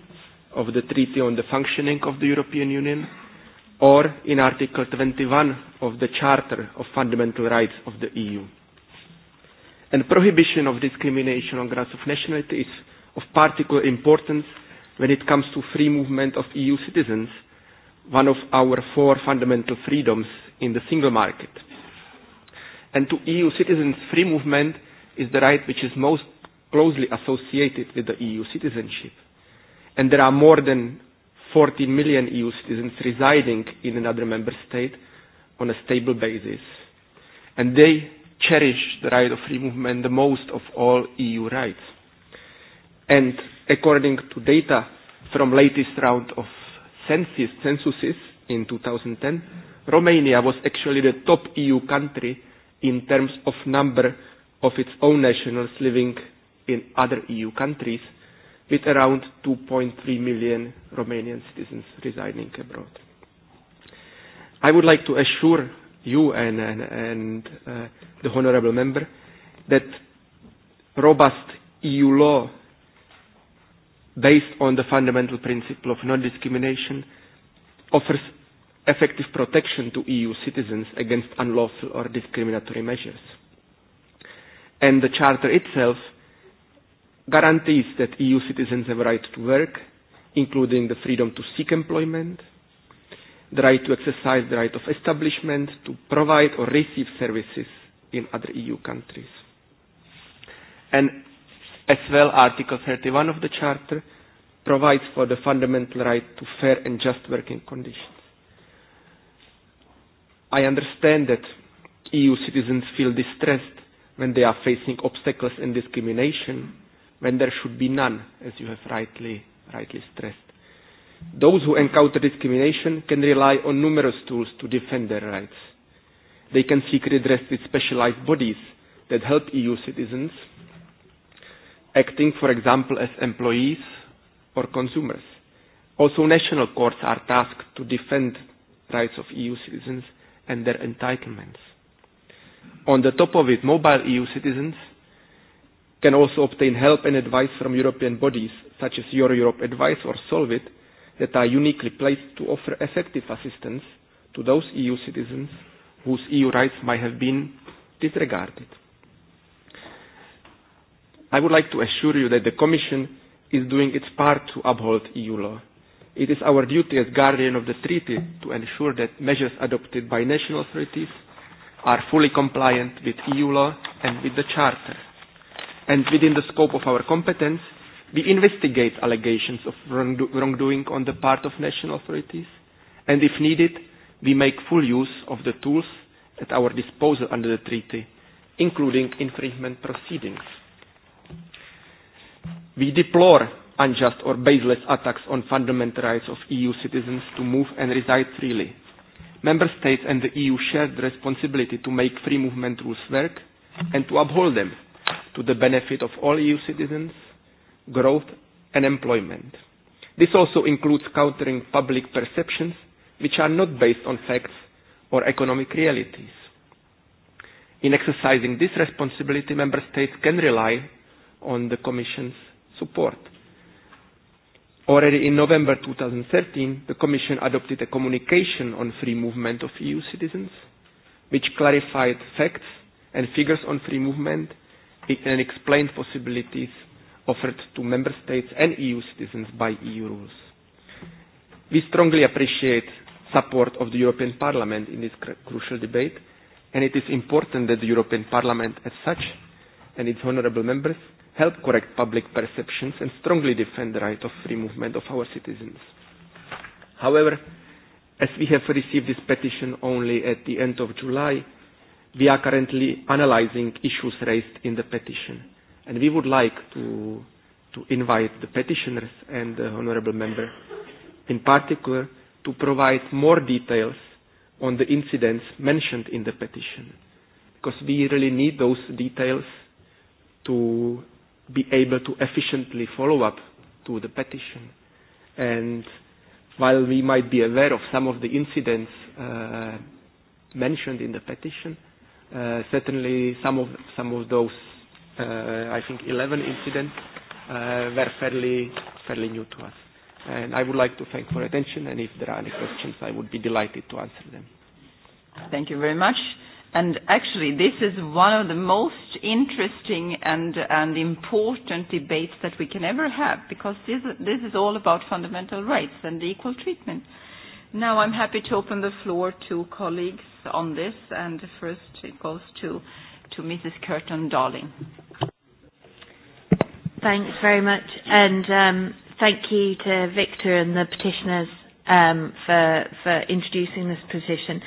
of the Treaty on the Functioning of the European Union or in Article 21 of the Charter of Fundamental Rights of the EU. And prohibition of discrimination on grounds of nationality is of particular importance when it comes to free movement of EU citizens, one of our four fundamental freedoms in the single market. And to EU citizens, free movement is the right which is most closely associated with the EU citizenship. And there are more than 40 million EU citizens residing in another member state on a stable basis. And they cherish the right of free movement the most of all EU rights. And according to data from latest round of census, censuses in 2010, Romania was actually the top EU country in terms of number of its own nationals living in other EU countries, with around 2.3 million Romanian citizens residing abroad. I would like to assure you and, and, and uh, the Honourable Member that robust EU law based on the fundamental principle of non-discrimination offers effective protection to EU citizens against unlawful or discriminatory measures. And the Charter itself guarantees that EU citizens have a right to work, including the freedom to seek employment, the right to exercise the right of establishment, to provide or receive services in other EU countries. And as well, Article 31 of the Charter provides for the fundamental right to fair and just working conditions. I understand that EU citizens feel distressed when they are facing obstacles and discrimination, when there should be none, as you have rightly, rightly stressed. Those who encounter discrimination can rely on numerous tools to defend their rights. They can seek redress with specialized bodies that help EU citizens, acting, for example, as employees or consumers. Also, national courts are tasked to defend rights of EU citizens and their entitlements. On the top of it, mobile EU citizens can also obtain help and advice from European bodies such as Euro Europe Advice or Solvit that are uniquely placed to offer effective assistance to those EU citizens whose EU rights might have been disregarded. I would like to assure you that the Commission is doing its part to uphold EU law. It is our duty as guardian of the treaty to ensure that measures adopted by national authorities are fully compliant with EU law and with the Charter. And within the scope of our competence, we investigate allegations of wrongdo wrongdoing on the part of national authorities, and if needed, we make full use of the tools at our disposal under the treaty, including infringement proceedings. We deplore unjust or baseless attacks on fundamental rights of EU citizens to move and reside freely. Member States and the EU share the responsibility to make free movement rules work and to uphold them to the benefit of all EU citizens, growth and employment. This also includes countering public perceptions which are not based on facts or economic realities. In exercising this responsibility, Member States can rely on the Commission's support. Already in November 2013, the Commission adopted a communication on free movement of EU citizens, which clarified facts and figures on free movement and explained possibilities offered to member states and EU citizens by EU rules. We strongly appreciate support of the European Parliament in this cr crucial debate, and it is important that the European Parliament as such and its honorable members help correct public perceptions and strongly defend the right of free movement of our citizens. However, as we have received this petition only at the end of July, we are currently analyzing issues raised in the petition. And we would like to, to invite the petitioners and the honorable member in particular to provide more details on the incidents mentioned in the petition. Because we really need those details to be able to efficiently follow up to the petition. And while we might be aware of some of the incidents uh, mentioned in the petition, uh, certainly some of, some of those, uh, I think 11 incidents, uh, were fairly, fairly new to us. And I would like to thank for attention, and if there are any questions, I would be delighted to answer them. Thank you very much. And actually, this is one of the most interesting and, and important debates that we can ever have because this, this is all about fundamental rights and equal treatment. Now I'm happy to open the floor to colleagues on this, and first it goes to, to Mrs. Curtin Darling. Thanks very much, and um, thank you to Victor and the petitioners um, for, for introducing this petition.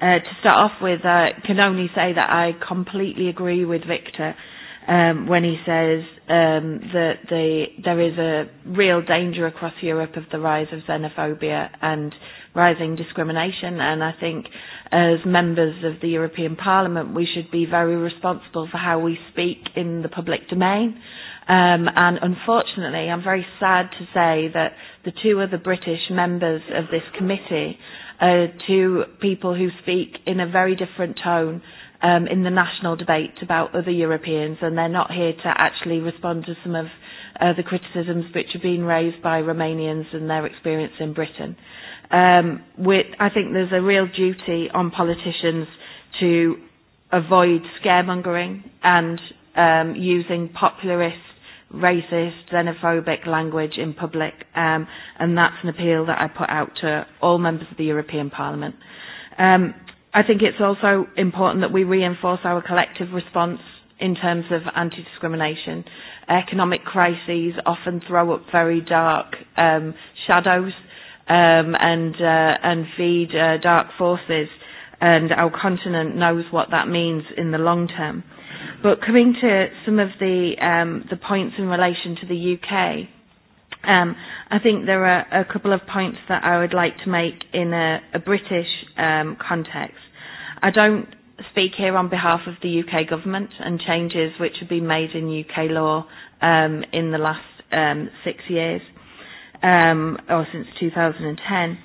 Uh, to start off with, I uh, can only say that I completely agree with Victor um, when he says um, that the, there is a real danger across Europe of the rise of xenophobia and rising discrimination. And I think as members of the European Parliament, we should be very responsible for how we speak in the public domain. Um, and unfortunately, I'm very sad to say that the two other British members of this committee uh, to people who speak in a very different tone um, in the national debate about other Europeans, and they're not here to actually respond to some of uh, the criticisms which have been raised by Romanians and their experience in Britain. Um, with, I think there's a real duty on politicians to avoid scaremongering and um, using popularist racist, xenophobic language in public, um, and that's an appeal that I put out to all members of the European Parliament. Um, I think it's also important that we reinforce our collective response in terms of anti-discrimination. Economic crises often throw up very dark um, shadows um, and, uh, and feed uh, dark forces, and our continent knows what that means in the long term. But coming to some of the, um, the points in relation to the UK, um, I think there are a couple of points that I would like to make in a, a British um, context. I don't speak here on behalf of the UK government and changes which have been made in UK law um, in the last um, six years um, or since 2010.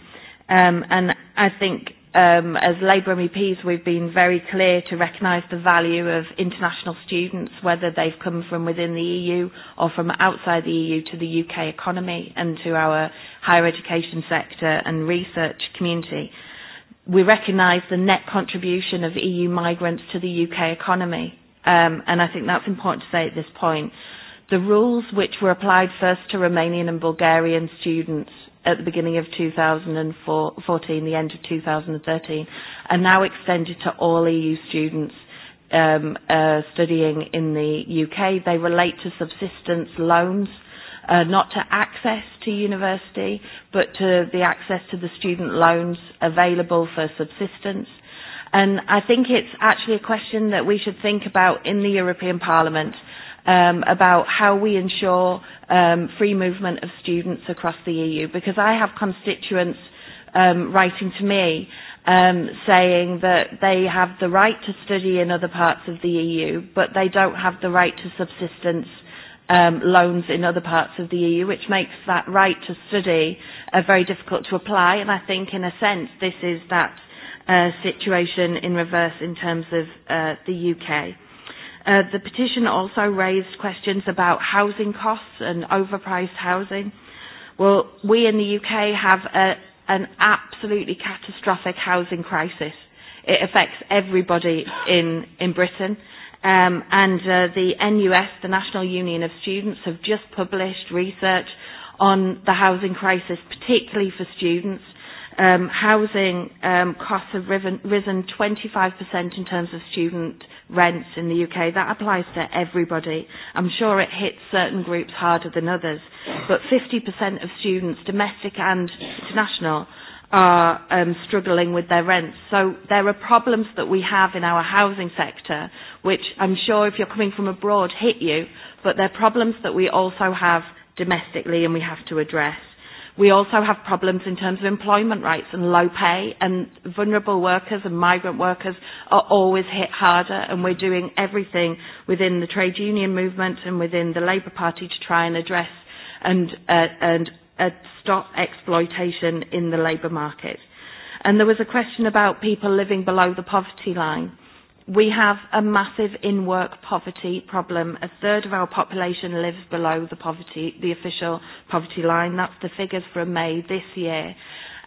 Um, and I think um, as Labour MEPs, we've been very clear to recognise the value of international students, whether they've come from within the EU or from outside the EU to the UK economy and to our higher education sector and research community. We recognise the net contribution of EU migrants to the UK economy, um, and I think that's important to say at this point. The rules which were applied first to Romanian and Bulgarian students at the beginning of 2014, the end of 2013, and now extended to all EU students um, uh, studying in the UK. They relate to subsistence loans, uh, not to access to university, but to the access to the student loans available for subsistence. And I think it's actually a question that we should think about in the European Parliament um, about how we ensure um, free movement of students across the EU because I have constituents um, writing to me um, saying that they have the right to study in other parts of the EU, but they don't have the right to subsistence um, loans in other parts of the EU, which makes that right to study uh, very difficult to apply. And I think, in a sense, this is that uh, situation in reverse in terms of uh, the UK. Uh, the petition also raised questions about housing costs and overpriced housing. Well, we in the UK have a, an absolutely catastrophic housing crisis. It affects everybody in, in Britain. Um, and uh, the NUS, the National Union of Students, have just published research on the housing crisis, particularly for students um, housing um, costs have riven, risen 25% in terms of student rents in the UK. That applies to everybody. I'm sure it hits certain groups harder than others, but 50% of students, domestic and international, are um, struggling with their rents. So there are problems that we have in our housing sector, which I'm sure if you're coming from abroad hit you, but they're problems that we also have domestically and we have to address. We also have problems in terms of employment rights and low pay, and vulnerable workers and migrant workers are always hit harder, and we're doing everything within the trade union movement and within the Labour Party to try and address and, uh, and uh, stop exploitation in the labour market. And there was a question about people living below the poverty line. We have a massive in-work poverty problem. A third of our population lives below the poverty, the official poverty line. That's the figures from May this year.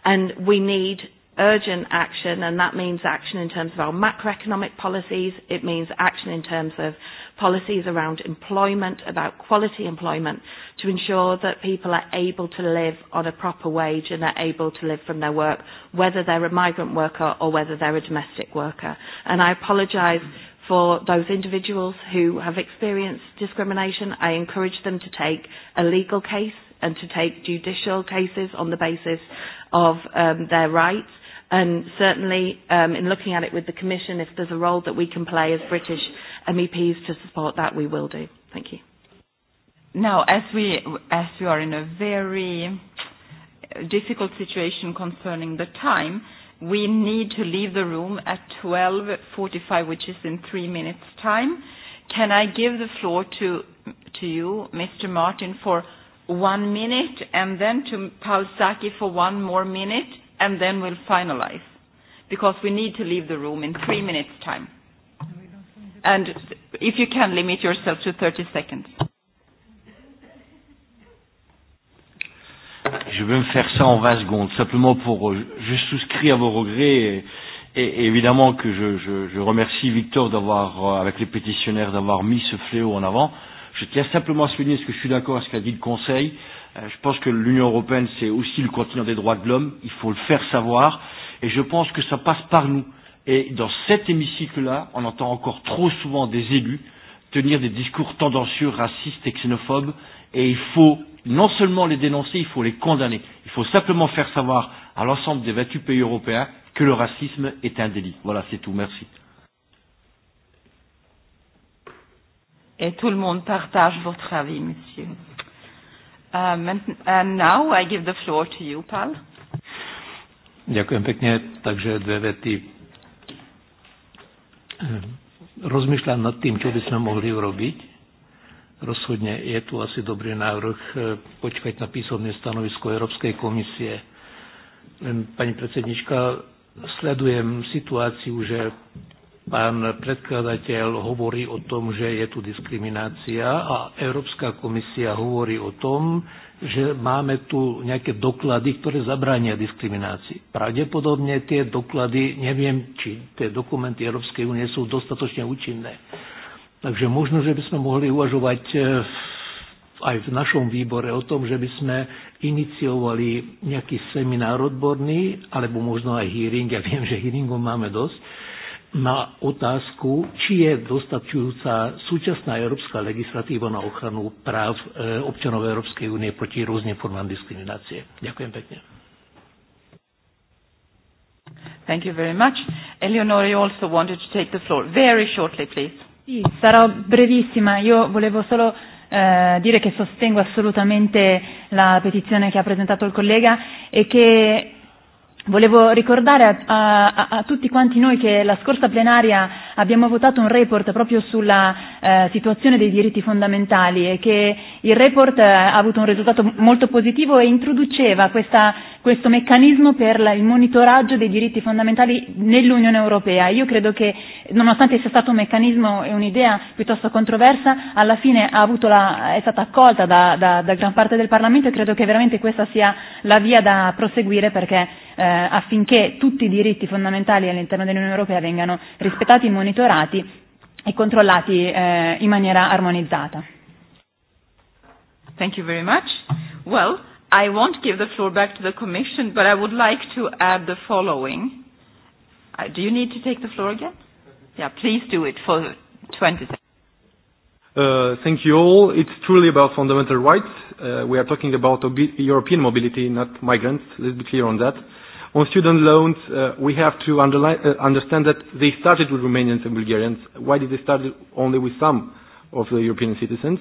And we need urgent action, and that means action in terms of our macroeconomic policies. It means action in terms of policies around employment, about quality employment, to ensure that people are able to live on a proper wage and are able to live from their work, whether they're a migrant worker or whether they're a domestic worker. And I apologise for those individuals who have experienced discrimination. I encourage them to take a legal case and to take judicial cases on the basis of um, their rights. And certainly, um, in looking at it with the Commission, if there's a role that we can play as British MEPs to support that, we will do. Thank you. Now, as we, as we are in a very difficult situation concerning the time, we need to leave the room at 12.45, which is in three minutes' time. Can I give the floor to, to you, Mr. Martin, for one minute, and then to Paul Saki for one more minute, and then we'll finalize because we need to leave the room in three minutes time. And if you can limit yourself to 30 seconds. Je vais me faire ça en 20 secondes, simplement pour, euh, je souscris à vos regrets et, et évidemment que je, je, je remercie Victor d'avoir, euh, avec les pétitionnaires, d'avoir mis ce fléau en avant. Je tiens simplement à souligner ce que je suis d'accord avec ce qu'a dit le Conseil. Euh, Euh, je pense que l'Union européenne, c'est aussi le continent des droits de l'homme. Il faut le faire savoir. Et je pense que ça passe par nous. Et dans cet hémicycle-là, on entend encore trop souvent des élus tenir des discours tendancieux, racistes et xénophobes. Et il faut non seulement les dénoncer, il faut les condamner. Il faut simplement faire savoir à l'ensemble des 28 pays européens que le racisme est un délit. Voilà, c'est tout. Merci. Et tout le monde partage votre avis, monsieur. Um, and, and now I give the floor to you, Pal. Ďakujem pekne, takže dve vety. Ehm, rozmýšľam nad tým, čo by sme mohli urobiť. Rozhodne je tu asi dobrý návrh eh, počkať na písomné stanovisko Európskej komisie. Len, pani predsednička, sledujem situáciu, že Pan predkladateľ hovorí o tom, že je tu diskriminácia a Európska komisia hovorí o tom, že máme tu nejaké doklady, ktoré zabránia diskriminácii. Pravdepodobne tie doklady, neviem, či tie dokumenty Európskej únie sú dostatočne účinné. Takže možno, že by sme mohli uvažovať eh, aj v našom výbore o tom, že by sme iniciovali nejaký seminár odborný, alebo možno aj hearing, ja viem, že hearingov máme dosť, na otázku, či je dostačujúca súčasná európska legislatíva na ochranu práv eh, občanov Európskej únie proti rôznym formám diskriminácie. Ďakujem pekne. Thank you very much. Eleonore also wanted to take the floor. Very shortly, please. Sì, sarò brevissima. Io volevo solo eh, dire che sostengo assolutamente la petizione che ha presentato il collega e che Volevo ricordare a, a, a tutti quanti noi che la scorsa plenaria abbiamo votato un report proprio sulla eh, situazione dei diritti fondamentali e che il report eh, ha avuto un risultato molto positivo e introduceva questa, questo meccanismo per la, il monitoraggio dei diritti fondamentali nell'Unione Europea. Io credo che nonostante sia stato un meccanismo e un'idea piuttosto controversa, alla fine ha avuto la, è stata accolta da, da, da gran parte del Parlamento e credo che veramente questa sia la via da proseguire perché eh, affinché tutti i diritti fondamentali all'interno dell'Unione Europea vengano rispettati, monitorati e controllati eh, in maniera armonizzata. Thank you very much. Well, I won't give the floor back to the Commission, but I would like to add the following. Uh, do you need to take the floor again? Yeah, please do it for 20 seconds. Uh, thank you all. It's truly about fundamental rights. Uh, we are talking about European mobility, not migrants. Let's be clear on that. On student loans, uh, we have to underline, uh, understand that they started with Romanians and Bulgarians. Why did they start only with some of the European citizens?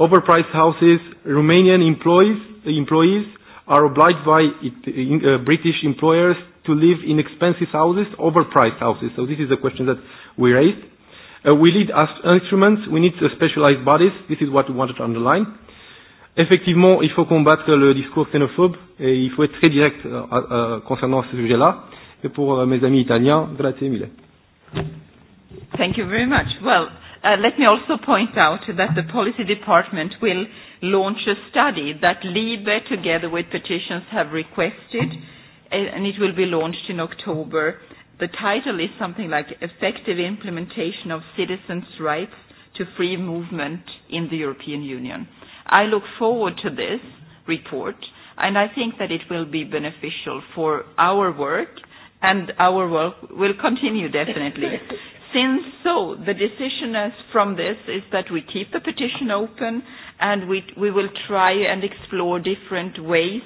Overpriced houses, Romanian employees, uh employees are obliged by it, uh, uh, British employers to live in expensive houses, overpriced houses. So this is a question that we raised. Uh, we need instruments, we need specialized bodies. This is what we wanted to underline. Effectivement, il faut combattre le discours xénophobe et il faut être très direct euh, euh, concernant ce sujet-là. Et pour euh, mes amis italiens, grazie mille. Thank you very much. Well, uh, let me also point out that the policy department will launch a study that LIBE together with petitions have requested and it will be launched in October. The title is something like Effective Implementation of Citizens' Rights to Free Movement in the European Union. I look forward to this report, and I think that it will be beneficial for our work, and our work will continue definitely. Since so, the decision as from this is that we keep the petition open, and we, we will try and explore different ways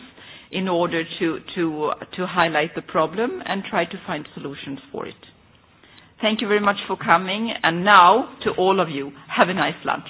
in order to, to, to highlight the problem and try to find solutions for it. Thank you very much for coming, and now to all of you, have a nice lunch.